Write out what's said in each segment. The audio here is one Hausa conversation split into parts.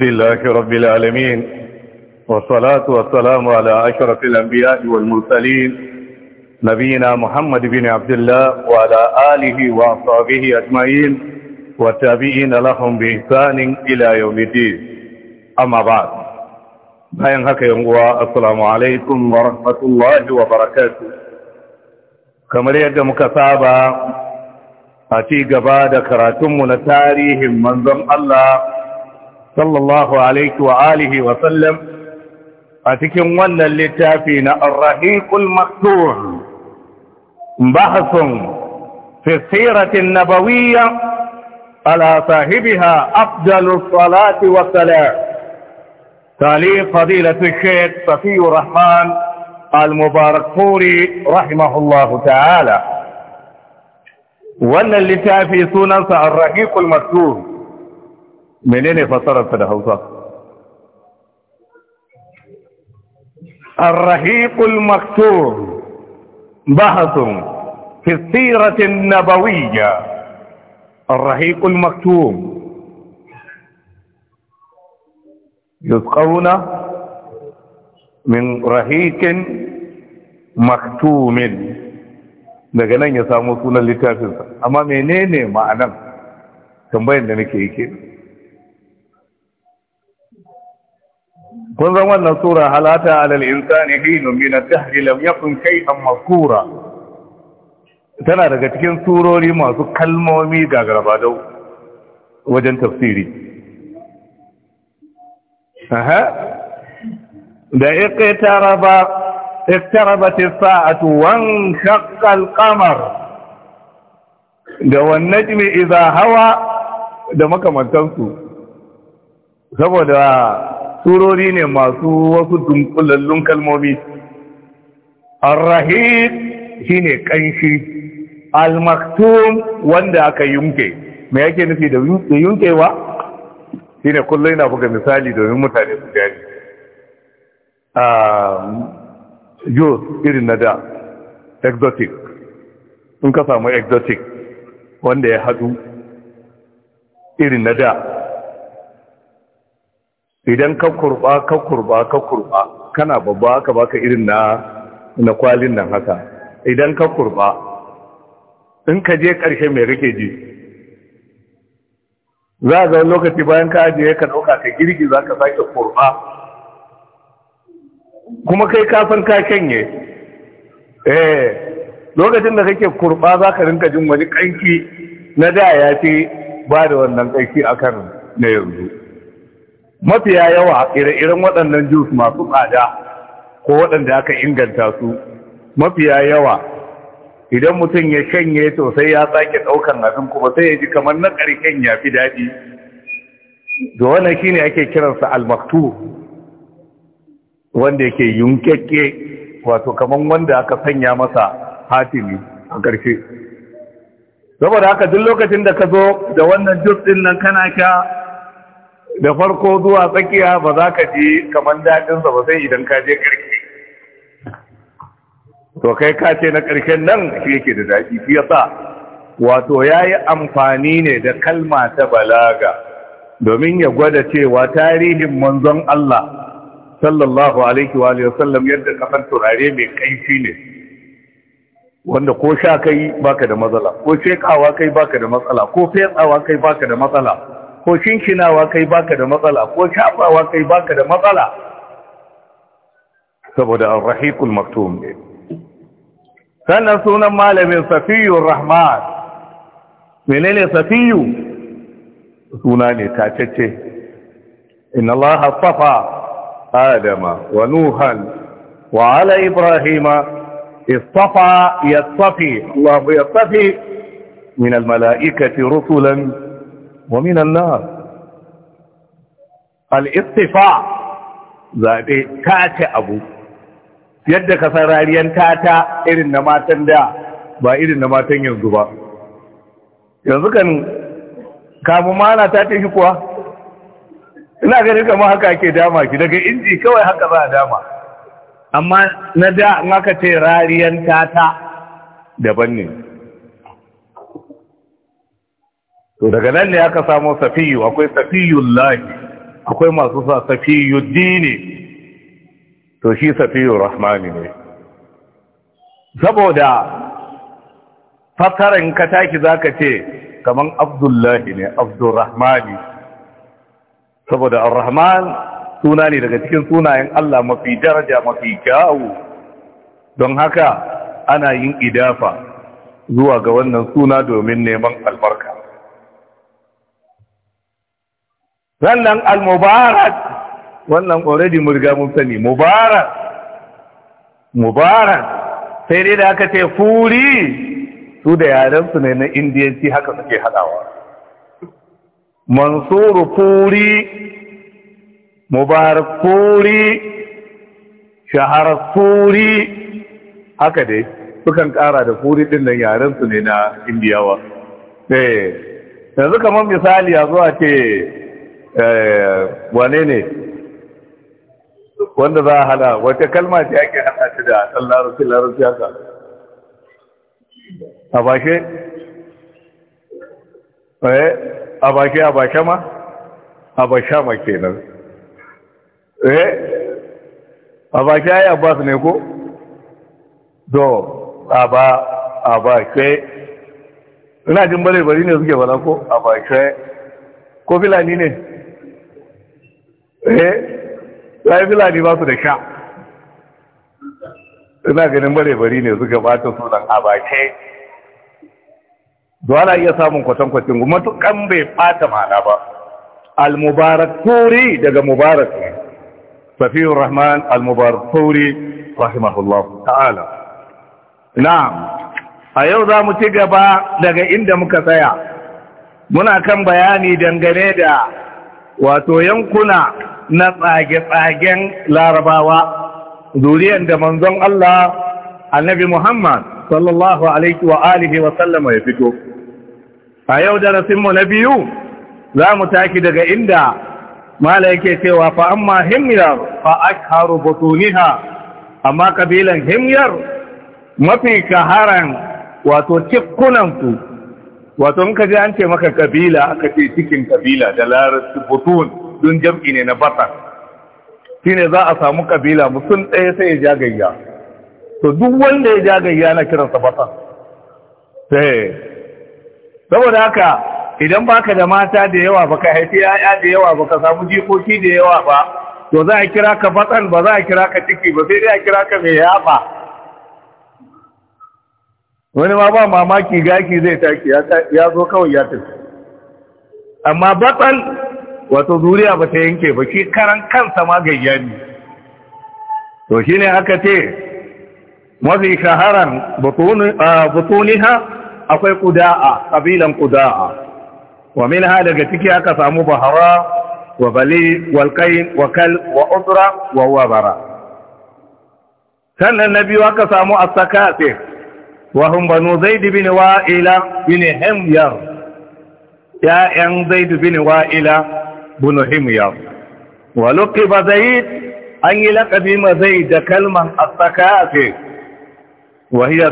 لله رب العالمين والصلاة والسلام على أشرف الأنبياء والمرسلين نبينا محمد بن عبد الله وعلى آله وأصحابه أجمعين والتابعين لهم بإحسان إلى يوم الدين أما بعد bayan haka yanguwa assalamu alaikum wa rahmatullahi wa barakatuh kamar yadda muka saba a ci gaba da karatunmu na tarihin manzon Allah صلى الله عليه وآله وسلم فتكن ون اللتافين الرهيق المكتور بحث في السيرة النبوية على صاحبها أفضل الصلاة والسلام تعليم فضيلة الشيخ صفي الرحمن المبارك فوري رحمه الله تعالى ون اللتافي سنة الرهيق المكتور menene fasararsa da hausa arrahiqul maktur bahasun fi siratin nabawiyya arrahiqul maktur yusqawna min rahiqin maktumin daga nan ya samu sunan littafinsa amma menene ma'anan tambayar da nake yi kenan kun zan wannan sura halata alal insani hinu min ad-dahr lam yakun shay'an mazkura tana daga cikin surori masu kalmomi gagarabadau wajen tafsiri aha da yake taraba as-sa'atu wan anshaqqa al-qamar da wan najmi idha hawa da makamantansu saboda surori ne masu wasu dunkulallun kalmomi arrahid shine kanshi almaktum wanda aka yunke me yake nufi da yunkewa shine kullum yana buga misali domin mutane su gani ah, Jos irin na da exotic in ka samu exotic wanda ya haɗu irin na da idan ka kurba ka kurba ka kurba kana babba ka baka irin na na kwalin nan haka idan ka kurba in ka je ƙarshe mai rike ji za a lokaci bayan ka ajiye ka ɗauka ka girgi za ka sake kurba kuma kai kafin ka kenye eh lokacin da kake kurba za ka rinka jin wani ƙanki na da ya ce ba da wannan kanki akan na yanzu mafiya yawa ire-iren waɗannan jus masu tsada ko waɗanda aka inganta su mafiya yawa idan mutum ya shanye to sai ya sake ɗaukan abin kuma sai ya ji kamar na ƙarshen ya fi daɗi da shi ne ake kiransa almaktu wanda yake yunkekke wato kamar wanda aka sanya masa hatimi a ƙarshe saboda haka duk lokacin da ka zo da wannan jus ɗin nan kana sha da farko zuwa tsakiya ba za ka ji kamar daɗinsa ba sai idan ka je ƙarfi to kai ka ce na ƙarshen nan shi yake da daɗi shi yasa wato ya yi amfani ne da kalma ta balaga domin ya gwada cewa tarihin manzon Allah sallallahu alaihi wa sallam yadda kafan turare mai kaifi ne wanda ko sha kai baka da matsala ko shekawa kai baka da matsala ko fetsawa kai baka da matsala ko kinkinawa kai baka da matsala ko shafawa kai baka da matsala saboda ar rahiqul maktum ne sannan sunan malamin safiyur rahman menene safiyu suna ne tacece inna allah safa adama wa nuhan wa ala ibrahima istafa yastafi allah yastafi min al-malaikati rusulan wa minan nar zaɓe zabe tace abu yadda ka san rariyan tata irin na matan da ba irin na matan yanzu ba yanzu kan kamu mana ta tafi kuwa ina ganin kamar haka ake dama ki daga inji kawai haka za a dama amma na da in aka ce rariyan tata daban ne to daga nan ne aka samo safiyu akwai safiyun lahi akwai masu sa safiyu dini to shi safiyun rahmani ne saboda fasarin kataki za ka ce kaman abdullahi ne abdurrahmani saboda arrahman suna ne daga cikin sunayen Allah mafi daraja mafi kyawu don haka ana yin idafa zuwa ga wannan suna domin neman albarka sannan al-mubarak wannan already murga riga mun sani mubarak mubarak sai dai da aka ce furi su da yaren su ne na indiyanci haka suke hadawa mansuru furi mubarak furi shahar furi haka dai sukan kara da furi din nan yaren su ne na indiyawa eh yanzu kamar misali a zuwa ce Eh, wane ne wanda za a hana wata kalma ce ake hada shi da ɗan larabci larabci haka a bashe eh a bashe a bashe ma a bashe ma kenan eh a bashe ai abbas ne ko do a ba a bashe ina jin bare bari ne suke bala ko a bashe ko filani ne eh sai fulani ba su da sha ina ganin bare-bari ne suka bata sunan abake ana iya samun kwatankwacin matukan bai bata mana ba al-mubarak turi daga mubarak ne safiyar rahman al-mubarak turi rahimahullah ta'ala Na. a yau za mu ci gaba daga inda muka tsaya muna kan bayani dangane da wato yankuna na tsage-tsagen larabawa zuriyar da manzon Allah annabi Muhammad sallallahu alaihi wa alihi wa sallama ya fito a yau darasinmu na biyu za mu taki daga inda mala yake cewa fa amma himyar fa akharu butuniha amma kabilan himyar mafi kaharan wato cikkunanku wato in ka ji an ce maka kabila aka ce cikin kabila da larabci butun don jam'i ne na basar shi ne za a samu kabila mutum ɗaya sai ya jagayya to duk wanda ya jagayya na kiransa basar sai eh. saboda haka idan baka da mata da yawa baka haifi yaya da yawa baka samu jikoki da yawa ba to za a kira ka batsan ba za a kira ka ciki ba sai dai a kira ka mai yafa wani ma ba mamaki gaki zai taki ya zo kawai ya tafi amma batsan wato zuriya ba ta yanke ba shi karan kansa ma ne to shi ne aka ce mafi shaharar butuniha akwai kuda'a kabilan kuda'a wa min ha daga ciki aka samu bahara wa bali wal wa kal wa udra wa wabara sannan na biyu aka samu as-sakate wa hum banu zaid bin wa'ila bin himyar ya'yan zaid bin wa'ila bin himyar wa ba zai an yi laƙabi ma zai da kalman a sakafik wa hiya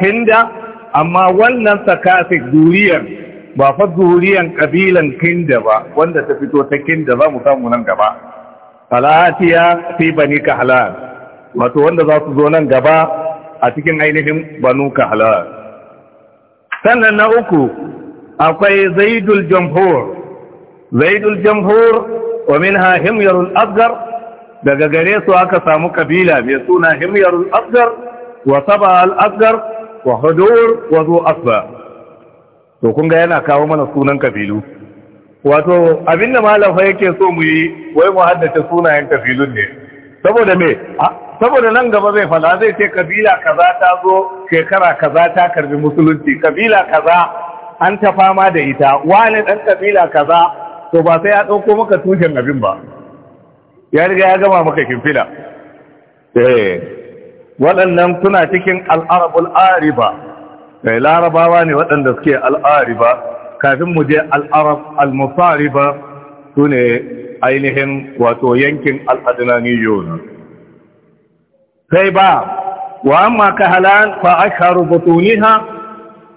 kinda amma wannan sakafik duriyar ba fa duriyar ƙabilan kinda ba wanda ta fito ta kinda za mu samu nan gaba falatiya fi bani halar. wato wanda za su zo nan gaba a cikin ainihin banu halar. sannan na uku akwai zaidul jamhur zaidul jamhur ومنها همير himyarul asgar daga gare su aka samu kabila mai suna himyarul asgar wa saba al asgar wa hudur to yana kawo mana sunan kabilu wato abinda malam fa yake so mu yi wai mu haddace sunayen kabilun ne saboda me saboda nan gaba zai fada zai ce kabila kaza ta zo shekara kaza ta karbi musulunci kabila kaza an ta fama da ita wani dan kabila kaza to ba sai ya ɗauko maka tushen abin ba ya riga ya gama maka kimfila eh waɗannan suna cikin al'arabul ariba kai eh, larabawa ne waɗanda suke al'ariba kafin mu je al'arab al-musariba su ne ainihin wato yankin al'adunaniyun sai ba wa amma kahalan fa asharu butuniha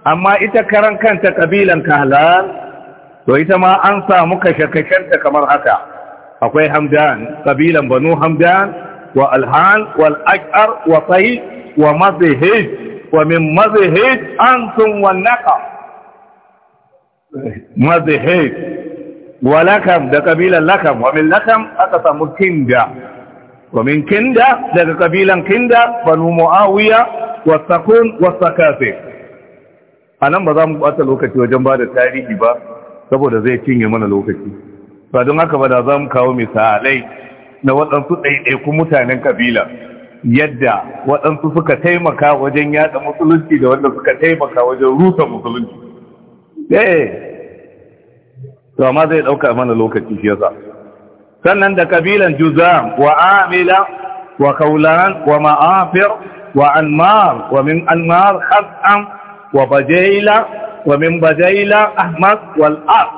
amma ita karan kanta kabilan kahalan to ita ma an samu kashe-kashenta kamar haka akwai hamdan kabilan banu hamdan wa alhan wal akar wa tsayi wa mazihij wa min mazihij an sun wannaka mazihij wa lakam da kabilan lakam wa min lakam aka samu kinda wa min kinda daga kabilan kinda banu mu'awiya wa sakun a nan ba za mu bata lokaci wajen ba da tarihi ba saboda zai cinye mana lokaci ba don haka ba da za mu kawo misalai na waɗansu ɗaiɗaikun mutanen kabila yadda waɗansu suka taimaka wajen yada musulunci da wanda suka taimaka wajen rusa musulunci ɗaya eh, to amma zai ɗauka mana lokaci shi yasa sannan da kabilan juzam wa amila wa kaulan wa ma'afir wa anmar wa min anmar hasam wa bajaila wa min bajaila ahmas wal as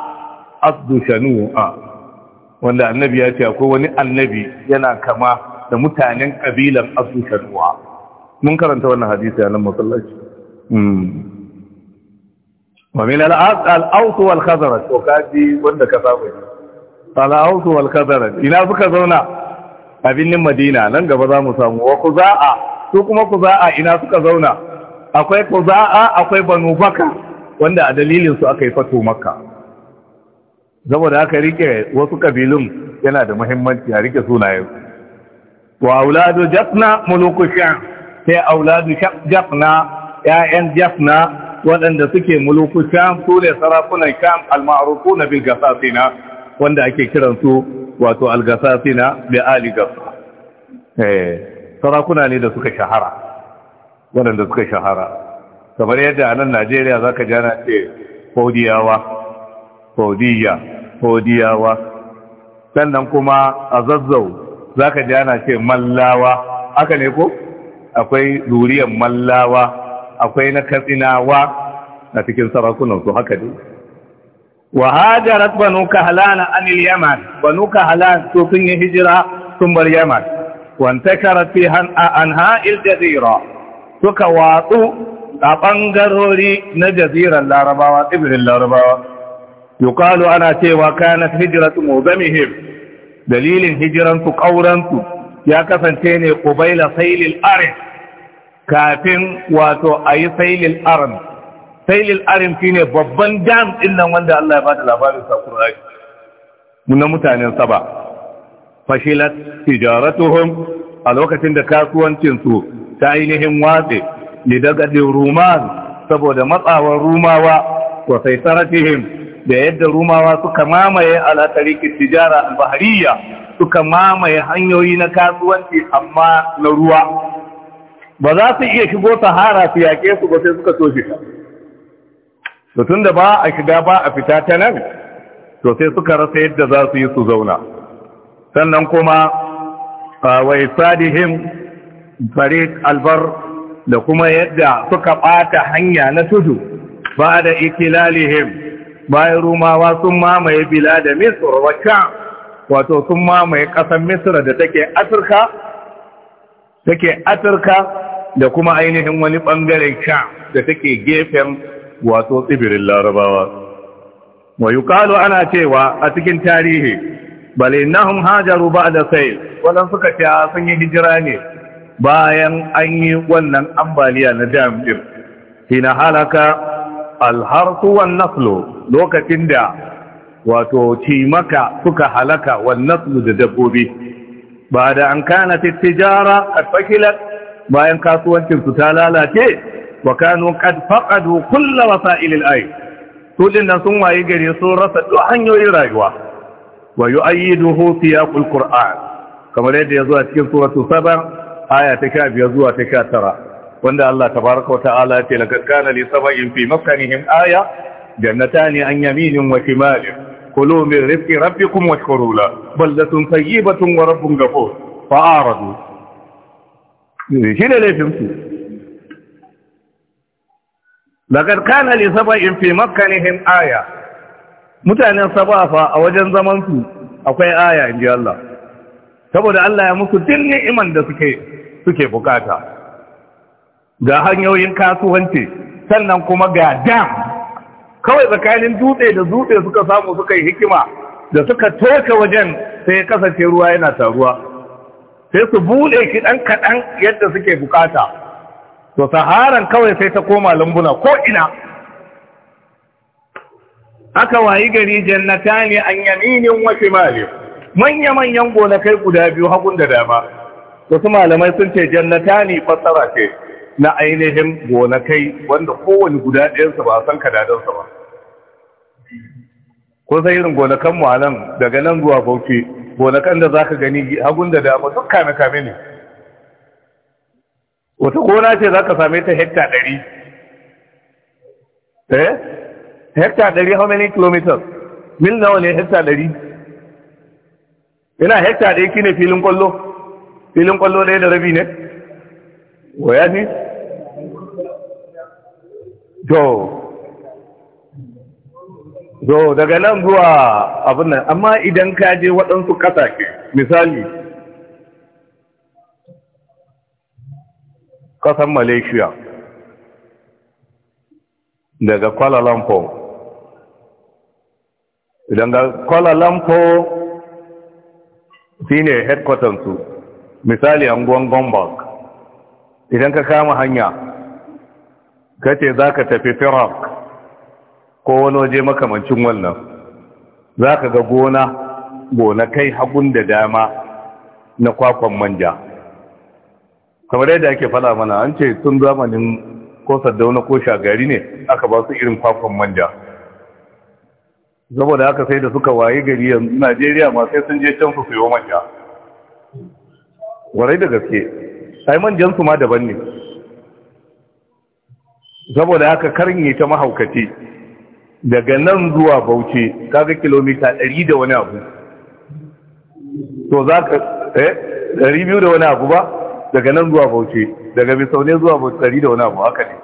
asdu shanu'a wanda annabi ya ce akwai wani annabi yana kama da mutanen kabilan asdu mun karanta wannan hadisi a nan masallaci hmm. wa min al wal khazraj to kaji wanda ka saba al aus wal khazraj ina suka zauna a birnin madina nan gaba za mu samu wa ku za'a? su kuma ku za'a ina suka zauna akwai ku za'a akwai banu baka wanda a dalilinsu aka yi fato makka da aka rike wasu ƙabilun yana da muhimmanci a rike sunayen wa auladu jafna muluku sham sai auladu jafna ƴaƴan jafna waɗanda suke mulukushan sham su ne sarakunan sham al-ma'rufuna bil gasasina wanda ake kiransu wato al-gasasina bi ali gasa eh, sarakuna ne da suka shahara waɗanda suka shahara kamar yadda a nan najeriya za ka jana ce faudiyawa faudiya faudiyawa sannan kuma a zazzau za ka jana ce mallawa aka ne ko akwai zuriyar mallawa akwai na katsinawa a cikin sarakunansu haka ne wa hajarat banu kahlana anil yaman banu kahlan to sun yi hijira sun bar yaman وانتكرت فيها أنهاء suka watsu? a ɓangarori na jazirar larabawa tsibirin larabawa yukalu ana cewa kanat hijiratu muzamihim dalilin hijiransu ƙauransu ya kasance ne ƙubaila sailil arin kafin wato a yi sailil arin sailil arin shi ne babban dam ɗin nan wanda Allah ya ba da labarin sa na mutanen saba fashilat tijaratuhum a lokacin da kasuwancinsu ta ainihin watse lidagaɗin ruman saboda matsawar rumawa wa saisaratihim da yadda rumawa suka mamaye alatarikin tijara bahariya suka mamaye hanyoyi na kasuwanci amma na ruwa ba za su iya shigo sahara su yaƙe su ba sai suka shi ta to tun da ba a shiga ba a fita ta nan to sai suka rasa yadda za su yi su zauna sannan kuma wa isadihim tariq albar da kuma yadda suka ɓata hanya na tudu ba da ikilalihim bayan rumawa sun mamaye bila da misir wacce wato sun mamaye ƙasar misir da take afirka take da kuma ainihin wani ɓangaren sha da take gefen wato tsibirin larabawa wa ana cewa a cikin tarihi bal hajaru ba'da sayl wannan suka ce sun yi hijira ne bayan an yi wannan ambaliya na dam shi na halaka alharsuwan naslu lokacin da wato cimaka suka halaka wan naslu da dabbobi ba da an kana tijara qad fakilat bayan kasuwancin ta lalace wa kanu qad faqadu kull wasa'il al-ay sun waye gare sun rasa duk hanyoyin rayuwa wa yu'ayyiduhu siyaqul qur'an kamar yadda ya a cikin suratu sabar aya ta sha biyar zuwa ta sha tara wanda Allah Ta baraka wa ta'ala ya ce laqad ne saba in fi maskanihim aya ne an yaminin wa shimalin kulo min rizqi rabbikum washkuru la baldatun tayyibatun wa rabbun a rabu. shi ne laifin su laqad ne saba in fi maskanihim aya mutanen sabafa a wajen zaman su akwai aya in ji Allah saboda Allah ya musu din ni'iman da suke suke bukata ga hanyoyin kasuwanci sannan kuma ga dam kawai tsakanin dutse da dutse suka samu suka yi hikima da suka toka wajen sai kasance ruwa yana taruwa sai su bude ki dan kadan yadda suke bukata to saharan kawai sai ta koma lambuna ko ina aka wayi gari ne an yaminin wa shimali manya manyan gonakai guda biyu hagun da dama wasu malamai sun ce jannata ne fassara ce na ainihin gonakai wanda kowane guda ɗayansa ba a san kadadansa ba ko sai irin gonakan mu a nan daga nan zuwa bauchi gonakan da zaka gani hagun da dama duk kame kame ne wata gona ce zaka same ta hekta ɗari eh hekta ɗari how many kilometers mil nawa ne hekta ɗari ina hekta ɗari kine filin kwallo filin kwallo ɗaya da rabi ne waya ne to to daga nan zuwa abin nan amma idan ka je waɗansu ƙasashe misali ƙasar malaysia daga kuala lumpur idan ga kuala lumpur shine headquarters su misali anguwan gombak idan ka kama hanya ka ce za ka tafi firak ko wani waje makamancin wannan za ka ga gona kai hagun da dama na kwakwan manja kamar yadda ake fada mana an ce tun zamanin ko saddauna ko shagari ne aka ba su irin kwakwan manja saboda aka sai da suka waye gari yanzu najeriya ma sai sun je can su manja warai da gaske ai man jansu ma daban ne saboda haka yi ta mahaukaci daga nan zuwa bauchi kaga kilomita 100 da wani abu to za ka eh 200 da wani abu ba daga nan zuwa bauchi daga bisaune zuwa bauchi 100 da wani abu haka ne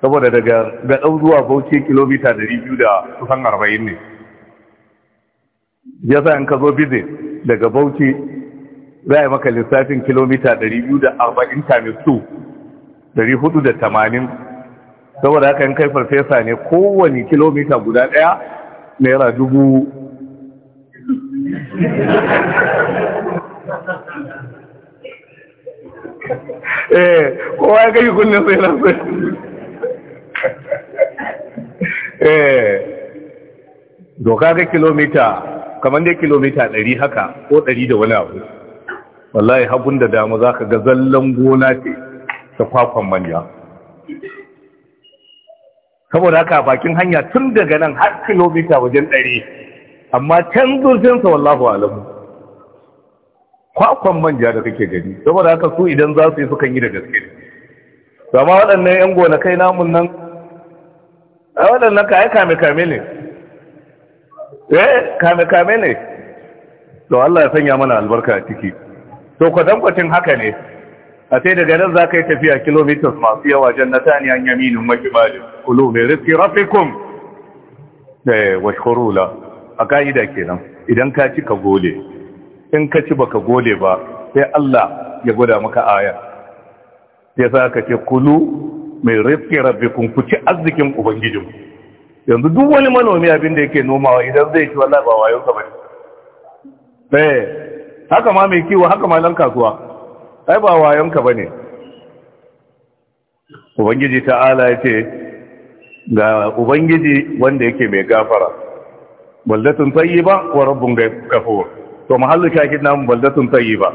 saboda daga dau zuwa bauchi kilomita 200 da kusan 40 ne ya sa in ka zo bizin daga bauchi za a maka lissafin kilomita 240 times 2 480 saboda haka yin kai farfesa ne kowane kilomita guda daya naira dubu eh kowa ya kai kunnen sai na sai eh doka ga kilomita kamar dai kilomita 100 haka ko 100 da wani abu wallahi habun da damu za ka ga zallan gona ce ta kwakwan manja saboda haka bakin hanya tun daga nan har kilomita wajen ɗari amma can zurfinsa wallahu alamu kwakwan manja da kake gani saboda haka su idan za su yi sukan yi da gaske zama waɗannan 'yan gona kai namun nan a waɗannan ka yi kame-kame ne eh kame-kame ne to Allah ya sanya mana albarka a ciki to kwatankwacin haka ne a sai daga nan za ka yi tafiya kilomitas masu yawa na ne an yaminin makimalin kulu mai riski rafikun da eh, washkurula a ka'ida kenan idan ka ci ka gole in ka ci baka gole ba sai Allah ya gwada maka aya ya za ka ce kulu mai riski rafikun ku ci arzikin ubangijin yanzu duk wani manomi abin da yake nomawa idan zai ci wallahi ba wayo ka bane eh. haka ma mai kiwo haka ma nan kasuwa ai ba wayonka bane ubangiji ta'ala yace ga ubangiji wanda yake mai gafara baldatun tayyiba wa rabbun ghafur to mahallu shahid namu baldatun tayyiba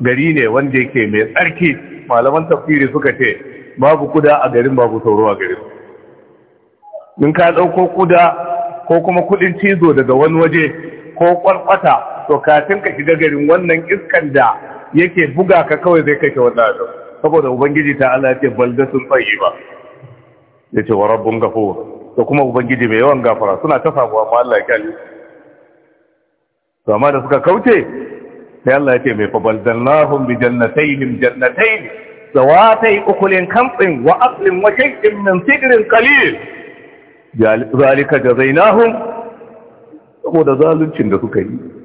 gari ne wanda yake mai tsarki malaman tafsiri suka ce babu kuda a garin babu sauro a garin in ka dauko kuda ko kuma kudin cizo daga wani waje ko kwarkwata to kafin ka shiga garin wannan iskan da yake buga ka kawai zai kake wannan abin saboda ubangiji ta Allah ya ce ba. ya yace wa rabbun gafur to kuma ubangiji mai yawan gafara suna ta sabuwa ma Allah ya kyale to amma da suka kauce sai Allah ya ce mai fa bi jannatayn jannatayn zawatai ukulin kamtsin wa aqlin wa shay'in min sidrin qalil zalika jazainahum saboda zaluncin da suka yi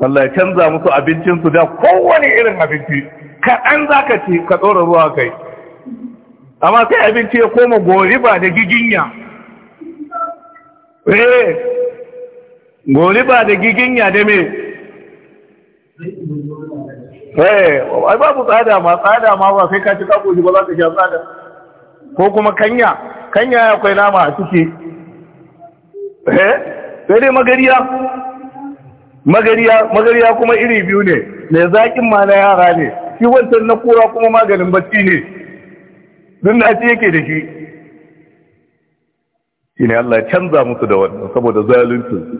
Allah ya canza musu abincinsu da kowane irin abinci kaɗan za ka ci ka ɗora ruwa kai amma sai abinci ya koma goriba da giginya eh goriba da giginya da me eh ai babu tsada ma tsada ma ba sai ka ci kakoji ba za ka sha tsada ko kuma kanya kanya akwai nama a ciki eh sai dai magariya magariya kuma iri biyu ne mai zaƙin ma na yara ne shi wancan na kura kuma maganin bacci ne don na ce yake da shi shi ne Allah canza musu da wannan saboda zalunci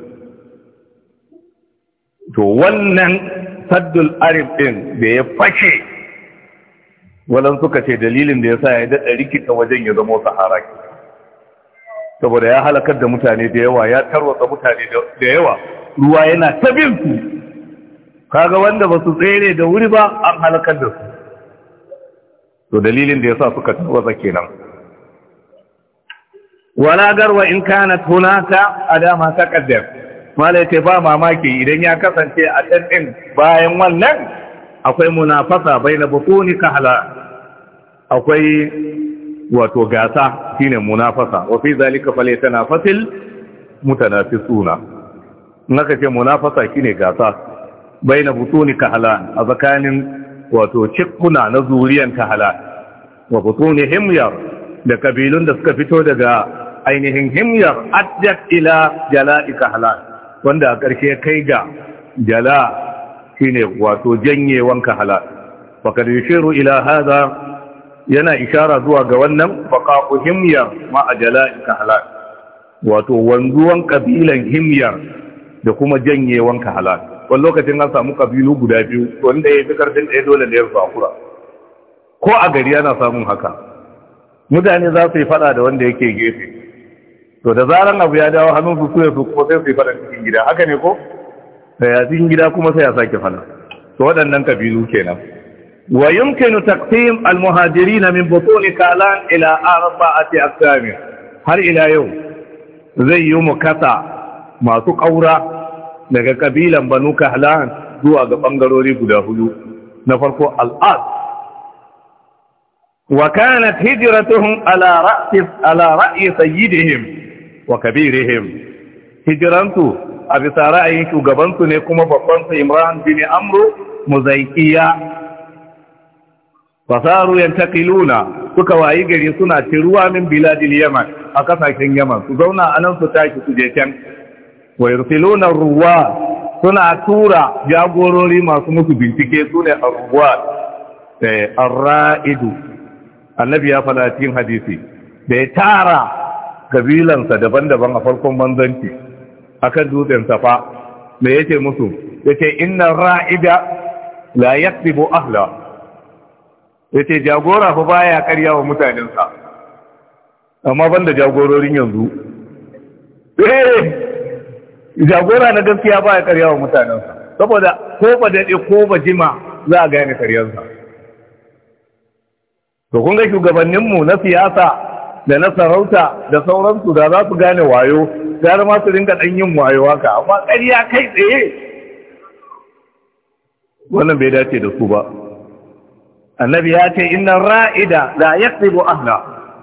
to wannan saddul arif ɗin da ya fashe walan suka ce dalilin da ya sa ya daɗa rikita wajen ya zama wasu haraki saboda ya halakar da mutane da yawa ya tarwatsa mutane da yawa ruwa yana ta bin su kaga wanda ba su tsere da wuri ba an halakar da su to dalilin da ya sa suka tawaza kenan wala garwa in a dama adama taqaddam mala ce ba mamaki idan ya kasance a can din bayan wannan akwai munafasa bai baina ka hala akwai wato gasa shine munafasa wa fi zalika fi suna. naka ce munafasa shine gasa baina butunika halan a tsakanin wato cikkuna na zuriyan ka halan wa butuni himyar da kabilun da suka fito daga ainihin himyar addat ila jala'ika halan wanda a ƙarshe kai ga jala shine wato janyewan ka halan fa kad yushiru ila hadha yana ishara zuwa ga wannan faqa'u himyar ma ajala'ika halan wato wanzuwan kabilan himyar da kuma wanka halal wani lokacin an samu kabilu guda biyu wanda ya fi karfin ɗaya dole da ya kura ko a gari yana samun haka mutane za su yi fada da wanda yake gefe to da zaran abu ya dawo hannun su suya su kuma sai su yi fada cikin gida haka ne ko da ya cikin gida kuma sai ya sake fada to waɗannan kabilu kenan wa yumkinu taqsim al-muhajirin min butun kalan ila arba'ati aqsam har ila yau zai yi mu kasa masu ƙaura daga ƙabilan banu kahlan zuwa ga ɓangarori guda hudu na farko al'ad wa kanat hijratuhum ala ra'si ala ra'yi sayyidihim wa kabirihim hijrantu a bisa ra'ayin shugabansu ne kuma babban su Imran bin Amru muzaikiya fasaru yantaqiluna suka wayi gari suna ci ruwa min biladil yaman a kasashen yaman su zauna anan su tashi su je can wa yursiluna ruwa suna tura jagorori masu musu bincike su ne arruwa eh, arra'idu annabi ya fada cikin hadisi da ya tara kabilansa daban-daban a farkon manzanci akan dutsen safa me yake musu yake inna ra'ida la yaktibu ahla yake jagora fa baya karya wa mutanensa amma banda jagororin yanzu eh jagora na gaskiya ba ya karyawa mutanen saboda ko ba daɗe ko ba jima za a gane karyarsa to kun ga shugabanninmu na siyasa da na sarauta da sauransu da za su gane wayo gara ma su dinga ɗan yin wayo haka amma ƙarya kai tsaye wannan bai dace da su ba annabi ya ce inna ra'ida la yaqibu ahla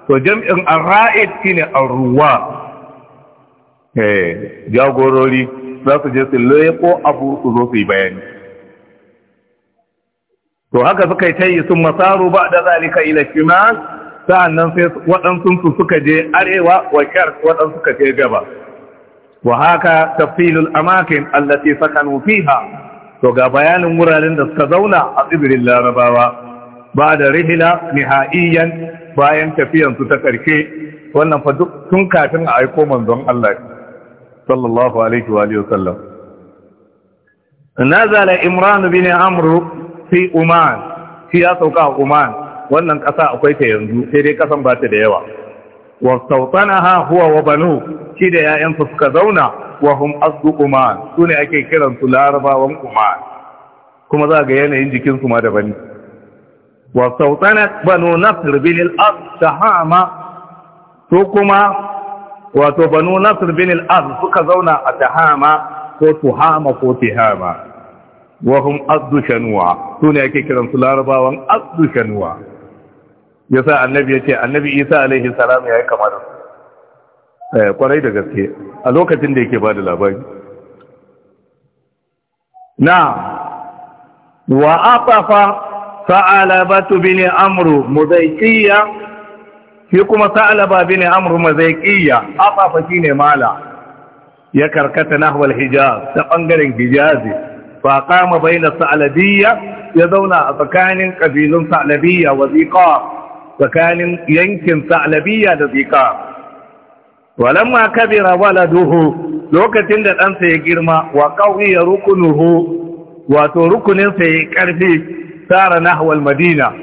to jam'in ar-ra'id shine ar-ruwa eh jagorori za su je su leko abu su zo su yi bayani to haka suka yi ta yi sun masaru ba da zalika ila shimal sa'annan sai waɗansu su suka je arewa wa kyar waɗansu suka je gaba wa haka Tafilul! amakin allati sakanu fiha to ga bayanin wuraren da suka zauna a tsibirin larabawa ba da rihila nihaiyan bayan tafiyansu ta ƙarshe wannan fa duk tun kafin a aiko manzon Allah sallallahu alaihi wa alihi wasallam nazala bin amr fi uman fi ya sauka uman wannan ƙasa akwai ta yanzu sai dai ƙasan ba ta da yawa wa sautanaha huwa wa banu shi da yayan suka zauna wa hum asdu uman sune ake kiran su larabawan uman kuma za ga yanayin jikin su ma bani wa sautanat banu nasr bin al-as tahama to kuma wato banu nasir bin al-az suka zauna a tahama ko tuhama ko tihama wa hum azdu shanuwa sune yake kiran su larabawan azdu shanuwa yasa annabi yace annabi isa alaihi salam yayi kamar eh kwarai da gaske a lokacin da yake bada labari na wa afafa sa'alabatu bin amru mudaykiyya shi kuma sa'alaba bin amru mazaiqiyya afafa ne mala ya karkata nahwal hijaz ta ɓangaren hijazi kama bai baina sa'alabiyya ya zauna a tsakanin ƙabilun sa'alabiyya wa ziqa tsakanin yankin sa'alabiyya da ziqa walamma kabira waladuhu lokacin da ɗansa ya girma wa ya rukunuhu wato rukuninsa ya ƙarfi tsara nahwal madina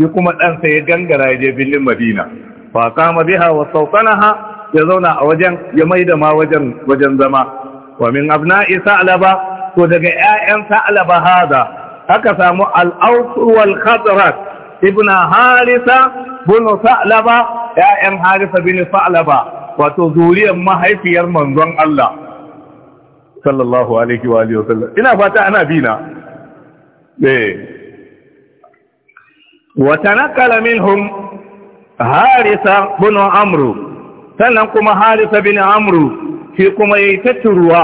shi kuma ɗansa ya gangara ya je birnin madina fa kama biha wa sawtanaha ya zauna a wajen ya maida ma wajen wajen zama wa min abna'i sa'laba to daga ƴaƴan sa'laba hada aka samu al-aus wal khazraj ibn harisa bin sa'laba ƴaƴan harisa bin sa'laba wato zuriyar mahaifiyar manzon Allah sallallahu alaihi wa alihi wasallam ina fata ana bina eh wa tanakala minhum harisa bin amru sannan kuma harisa bin amru shi kuma yayi tatturuwa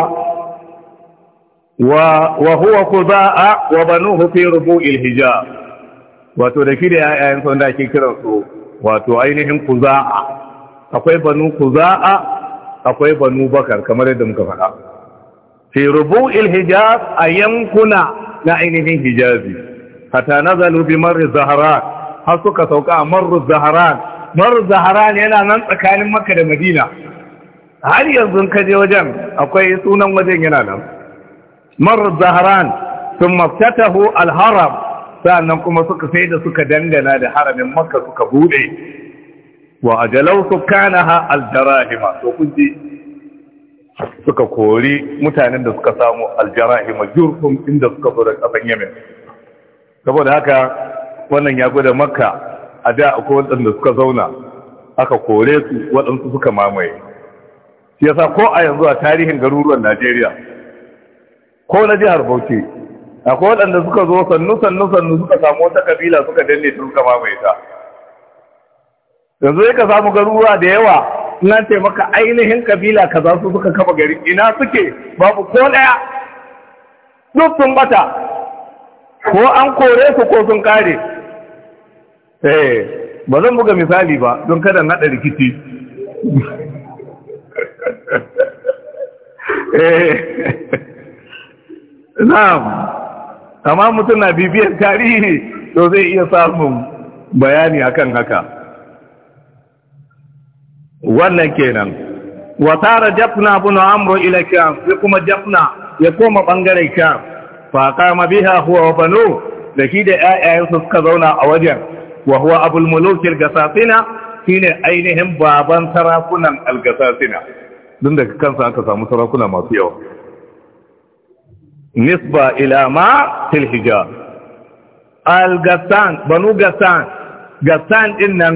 wa wa huwa qudaa wa banuhu fi rubu'il hijab wato da shi da yayan ke da ake kiran su wato ainihin qudaa akwai banu qudaa akwai banu bakar kamar yadda muka faɗa fi rubu'il hijab a yankuna na ainihin hijabi hatta nazalu bi marri zahrat har suka sauka a marru zaharan marru zaharan yana nan tsakanin makka da madina har yanzu ka je wajen akwai sunan wajen yana nan marru zaharan sun maftatahu alharam sannan kuma suka sai da suka dangana da haramin makka suka bude wa ajalau sukanaha aljarahima to kun ji suka kori mutanen da suka samu aljarahima jurhum inda suka zo da kasan yamin saboda haka wannan ya gwada makka a da akwai waɗanda suka zauna aka kore su waɗansu suka mamaye shi yasa ko a yanzu a tarihin garuruwan najeriya ko na jihar bauchi akwai waɗanda suka zo sannu sannu sannu suka samu wata kabila suka danne su suka mamaye ta yanzu ka samu garuruwa da yawa ina ce maka ainihin kabila kaza su suka kafa gari ina suke babu ko ɗaya duk sun bata ko an kore su ko sun kare eh ba zan buga misali ba don kada na haɗa rikici eh, na'am amma mutum na bibiyar tarihi to zai iya samun bayani akan haka wannan kenan wa tara jafna ibn amr ila kya, sai kuma jafna ya koma bangaren kya. fa qama biha huwa wa banu da shi da 'ya'yansu suka zauna a wajen وهو أبو الملوك القساطنه فين أينهم بابا تراكنا القساسين لذلك كان سأنت سامو تراكنا ما فيه نسبة إلى ما في الحجار القسان بنو قسان قسان إنن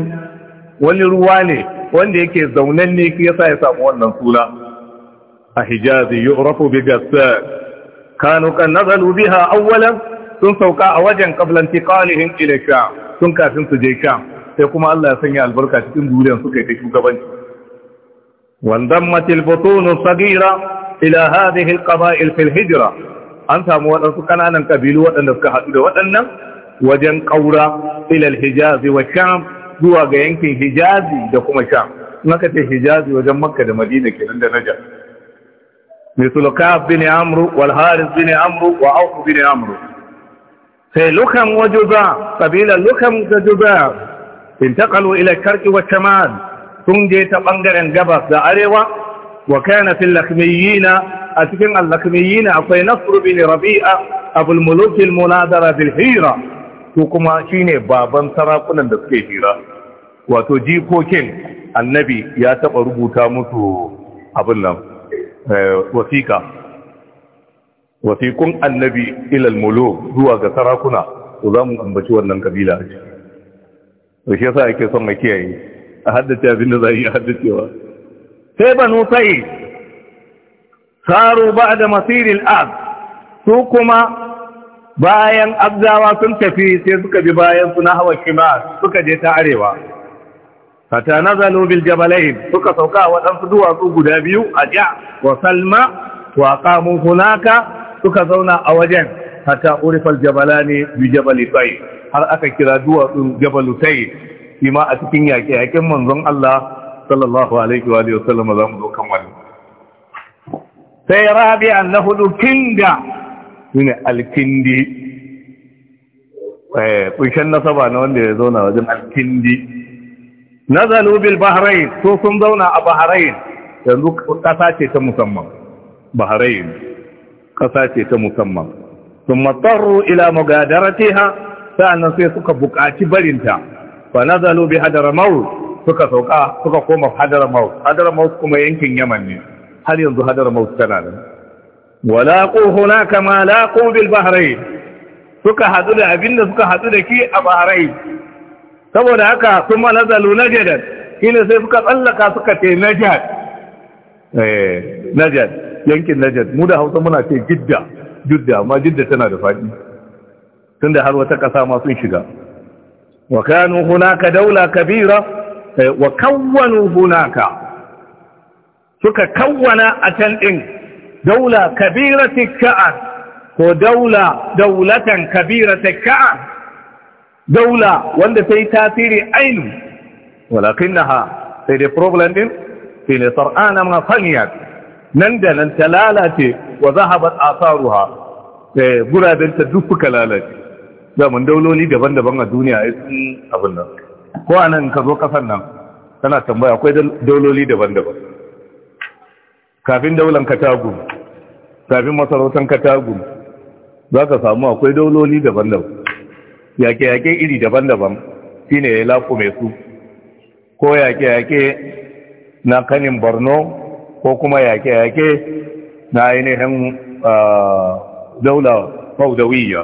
والرواني وانديك زونني كيسا يسامو النصولة أحجازي يغرف بقسان كانوا كان نظلوا بها أولا سنسوكا أوجا قبل انتقالهم إلى الشام sun kafin su je sham sai kuma Allah ya sanya albarka cikin duniyar suka yi ta shugabanci wandammatil butun sagira ila hadhihi alqaba'il fil hijra an samu wadansu kananan kabilu wadanda suka hadu da wadannan wajen qaura ila alhijazi wa sham zuwa ga yankin hijaz da kuma sham naka ce hijaz wajen makka da madina kenan da najar مثل كعب بن عمرو والحارث بن عمرو وعوف بن عمرو sai lukan wajuba kabilar lukan da juba intakalu ila karki wa tamal sun je ta bangaren gabas da arewa wa kana a cikin al akwai nasru bin rabi'a abul muluk al munadara bil hira to kuma shine baban sarakunan da suke hira wato jikokin annabi ya taɓa rubuta musu abin nan eh, wasika Wasikun annabi ilal al zuwa ga sarakuna to za mu ambaci wannan kabila ce to shi yasa ake son a kiyaye a haddace abin da za a yi haddacewa sai banu sa'id saru da masiril ab su kuma bayan abzawa sun tafi sai suka bi bayan su na hawa shima suka je ta arewa fata nazalu bil jabalain suka sauka waɗansu duwatsu guda biyu a ja wa salma wa qamu hunaka suka zauna a wajen hata urifal jabalani bi jabali sai har aka kira duwatsun jabalu sai shi ma a cikin yaƙe yaƙen manzon Allah sallallahu alaihi wa alihi wasallam za mu zo kan wani sai rabi na hudu kinda shine alkindi eh kunshan nasaba na wanda ya zauna wajen alkindi nazalu bil bahrain to sun zauna a bahrain yanzu kasa ce ta musamman bahrain ƙasa ce ta musamman sun matsarru ila mugadaratiha sa'annan sai suka buƙaci barinta fa nazalu bi hadramaut suka sauka suka koma hadramaut hadramaut kuma yankin yaman ne har yanzu hadramaut tana nan walaqu hunaka ma laqu bil bahrain suka hadu da abinda suka hadu da ki a bahrain saboda haka kuma na najadat shine sai suka tsallaka suka te najad eh najad yankin najad mu da hausa muna ce gidda gidda amma gidda tana da faɗi tunda har wata ƙasa ma sun shiga wa kanu hunaka daula kabira eh, wa kawwanu hunaka suka kawwana a can ɗin daula kabira tikka'an ko daula daulatan kabira tikka'an daula wanda sai tasiri ainu walakin na ha sai dai problem ɗin fi ne ma nan da nan ta lalace wa zahabat asaruha asaruwa. Eh, guraben ta duk suka lalace zaman dauloli daban-daban a duniya a yi abin nan ko nan ka zo kasar nan tana tambaya akwai dauloli daban-daban kafin daulan katagu kafin masarautar katagu za ka samu akwai dauloli daban-daban yake-yake iri daban-daban shine ya lafi mai su ko yake-yake na kanin borno ko kuma yaƙe-yaƙe na ainihin daula faudawiyya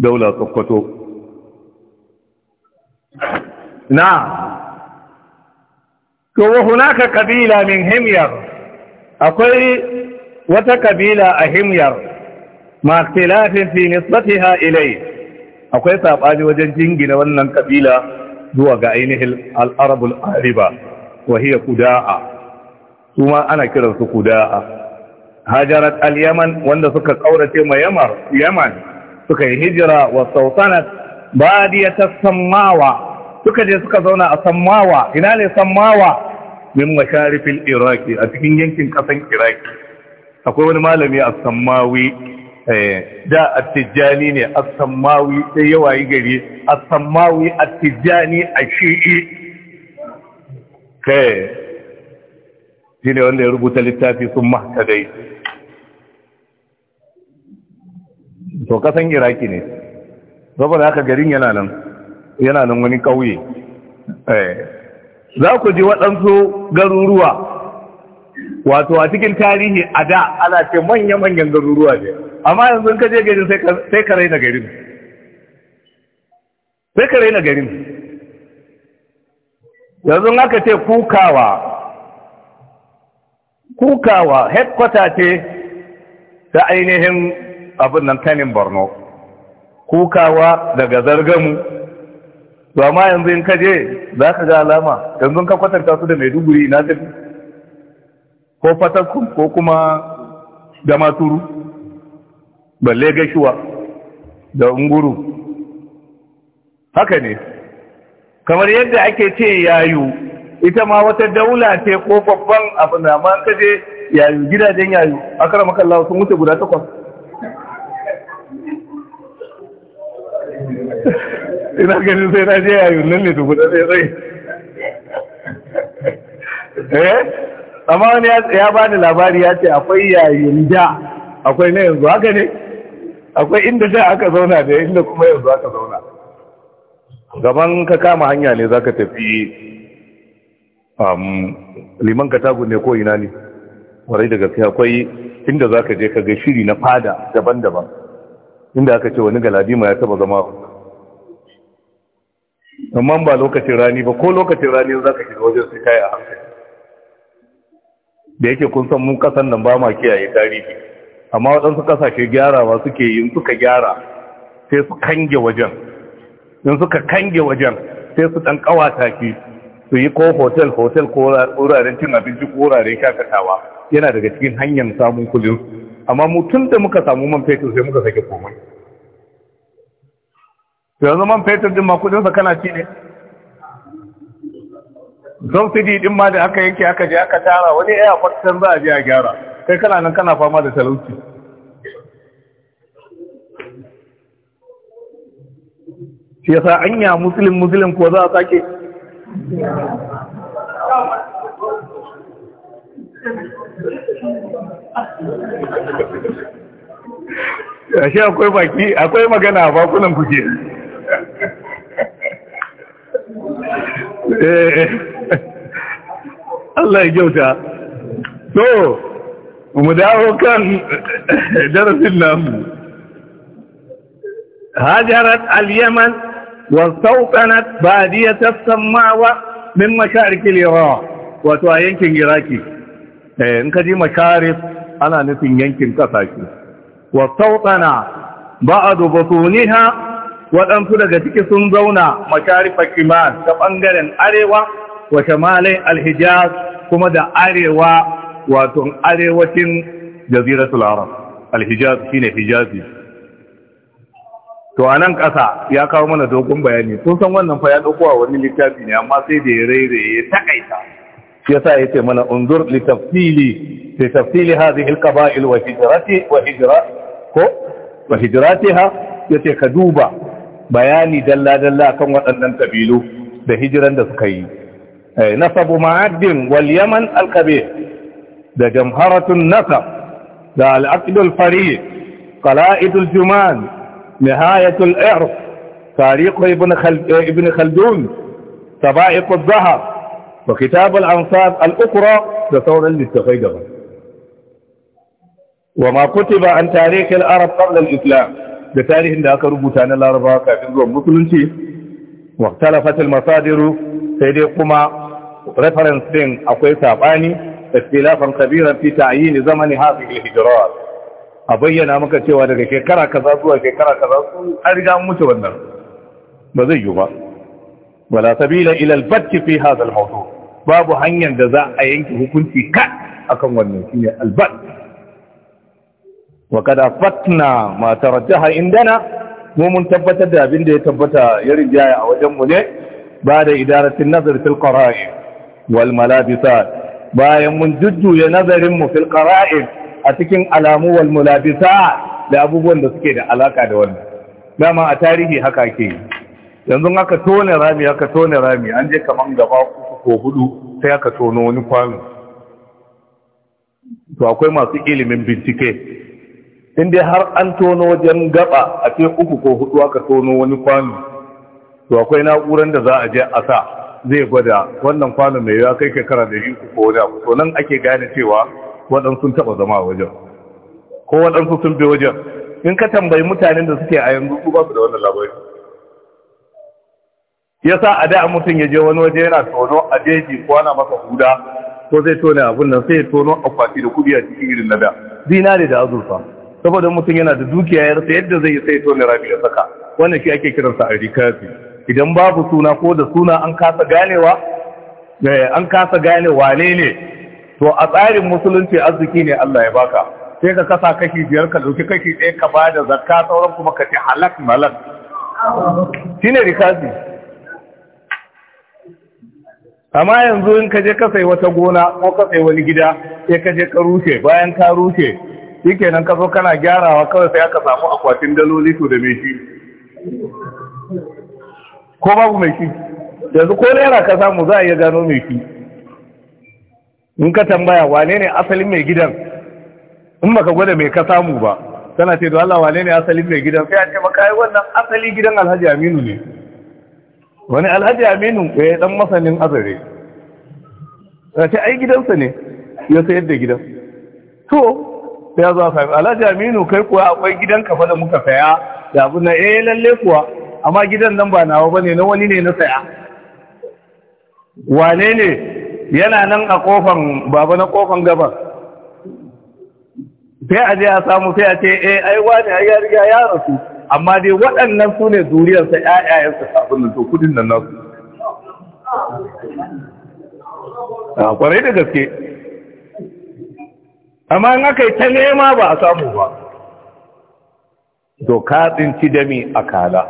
daula tsokkoto na to hunaka kabila min himyar akwai wata kabila a himyar ma ikhtilafin fi nisbatiha ilai akwai sabani wajen jingina wannan kabila zuwa ga ainihin al ariba wa hiya kudaa su ma ana kiransu kuda'a hajarat al-yaman wanda suka kaurace ma yaman suka yi hijira wa sautanat badiyat samawa suka je suka zauna a samawa ina ne samawa min al iraki a cikin yankin kasan iraki akwai wani malami a sammawi eh, da attijani ne a samawi sai wayi gari a attijani a shi'i kai shine wanda ya rubuta littafi sun mahtadai to kasan iraki ne da haka garin yana nan yana nan wani kauye eh. za ku ji waɗansu garuruwa wato a cikin tarihi a da ana ce manya-manyan garuruwa ne amma yanzu ka je garin sai ka raina garin sai ka raina garin yanzu aka ce kukawa kukawa headquarter ce ta ainihin abin nan kanin borno kukawa daga zargamu ba ma yanzu in kaje za ka ga alama yanzu ka kwatanta su da maiduguri na zafi ko fatakun ko kuma damaturu balle gashuwa da unguru haka ne kamar yadda ake ce yayu ita ma wata daula ce ko babban abu na ma ka je yayu gidajen yayu akara makallawa sun wuce guda takwas ina ganin sai na je yayu nan ne guda sai sai eh amma wani ya ba ni labari ya ce akwai yayin da akwai na yanzu haka ne akwai inda da aka zauna da inda kuma yanzu aka zauna gaban ka kama hanya ne zaka tafi liman katagu ne ko ina ne warai da gaske akwai inda za ka je ka ga shiri na fada daban-daban inda aka ce wani galadima ya taba zama amma ba lokacin rani ba ko lokacin rani za ka shiga wajen su kai a hankali da yake kun san mun kasan nan ba ma kiyaye tarihi amma waɗansu ƙasashe gyarawa suke yin suka gyara sai su kange wajen in suka kange wajen sai su ɗan ƙawata ki su yi ko hotel hotel ko wuraren cin abinci ko wuraren shakatawa yana daga cikin hanyar samun kudin amma mu tun da muka samu man fetur sai muka sake komai yanzu man fetur din ma kudin sa kana ci ne subsidy din ma da aka yanke aka je aka tara wani airport can za a je a gyara kai kana nan kana fama da talauci shi yasa anya muslim muslim ko za a sake Ashe akwai baki, akwai magana a bakunan kuke. Eh, Allah ya kyauta. So, mu dawo kan darasin namu. Hajarat al-Yaman واستوطنت بادية السماوة من مشارك اليرا wato a yankin iraki in ka ji masharif ana nufin yankin kasashe wa sautana ba'adu batuniha waɗansu daga ciki sun zauna masharifar kiman ta ɓangaren arewa wa shamalin alhijaz kuma da arewa wato arewacin jaziratul arab alhijaz shine hijazi to a nan ƙasa ya kawo mana dogon bayani kun san wannan fa ya ɗauko a wani littafi ne amma sai da ya rairaye ya takaita shi yasa ya ce mana unzur li tafsili fi tafsili hadhihi al-qaba'il wa hijrati wa hijrat ko wa hijratiha yace ka duba bayani dalla dalla kan waɗannan kabilu da hijiran da suka yi eh, nasabu ma'addin wal yaman al-kabir da jamharatun nasab da al-aqd fari juman نهاية الإعرف تاريخ ابن, خل... ابن خلدون سبائق الظهر وكتاب الانصار الأخرى لثورة المستخدمة وما كتب عن تاريخ العرب قبل الإسلام بتاريخ ذاك ربوتان الاربعه كافي الظلم مثلن شيء واختلفت المصادر سيدي قمع ريفرنس دين أقوي سابعاني اختلافا كبيرا في تعيين زمن هذه الهجرات a bayyana maka cewa daga shekara kaza zuwa shekara kaza su an riga mutu wannan ba zai yi ba wala sabila ila al fi hadha babu hanyar da za a yanke hukunci ka akan wannan shine al-fath wa kad afatna ma tarajjaha indana mu mun tabbatar da abin da ya tabbata ya rijaya a wajen mu ne ba da idaratin nazar fil qara'i wal malabisat bayan mun jujjuya nazarin mu fil qara'i a cikin alamu wal mulabisa da abubuwan da suke da alaka da wannan dama a tarihi haka ke yi yanzu aka tone rami aka tone rami an je kaman gaba uku ko hudu sai aka tono wani kwano to akwai masu ilimin bincike in dai har an tono wajen gaba a ce uku ko hudu aka tono wani kwano to akwai na'urar da za a je a sa zai gwada wannan kwano mai yawa kai shekara da uku ko da to nan ake gane cewa waɗansu taɓa zama a wajen ko waɗansu sun bi wajen in ka tambayi mutanen da suke a yanzu su ba su da wannan labarin. ya sa a da mutum ya je wani waje yana tono a jeji ko ana masa huda ko zai tona abin nan sai ya tono akwati da kuɗi a cikin irin na da zinare da azurfa saboda mutum yana da dukiya ya rasa yadda zai yi sai tona ya saka wannan shi ake kiransa a rikafi idan babu suna ko da suna an kasa ganewa eh, an kasa gane wane ne to a tsarin musulunci arziki ne Allah ya baka sai ka kasa kashi biyar ka dauki kashi ɗaya ka bada zakka sauran kuma ka ce halak malak shine rikazi amma yanzu in ka je ka sai wata gona ko ka sai wani gida sai ka je ka rushe bayan ka rushe shikenan ka zo kana gyarawa kawai sai aka samu akwatin daloli to da me shi ko babu me shi yanzu ko naira ka samu za a iya gano me shi in ka tambaya wane ne asalin mai gidan in ka gwada mai ka samu ba tana ce to Allah wane ne asalin mai gidan sai a ce maka ai wannan asali gidan Alhaji Aminu ne wani Alhaji Aminu yi eh, dan masanin azare Ya ce ai gidansa ne ya sayar da gidan to sai ya zo sai Alhaji Aminu kai kuwa akwai gidan fa da muka saya da abu na eh lalle kuwa amma gidan nan ba nawa bane na wani ne na saya wane ne yana nan a kofan baba na kofan gaba sai a je a samu sai a ce eh ai wani ai ya riga ya rasu amma dai waɗannan su ne zuriyarsa ƴaƴayensa kafin nan to kudin nan nasu a ah, kwarai da gaske amma in aka yi ta nema ba a samu ba to ka tsinci dami a kala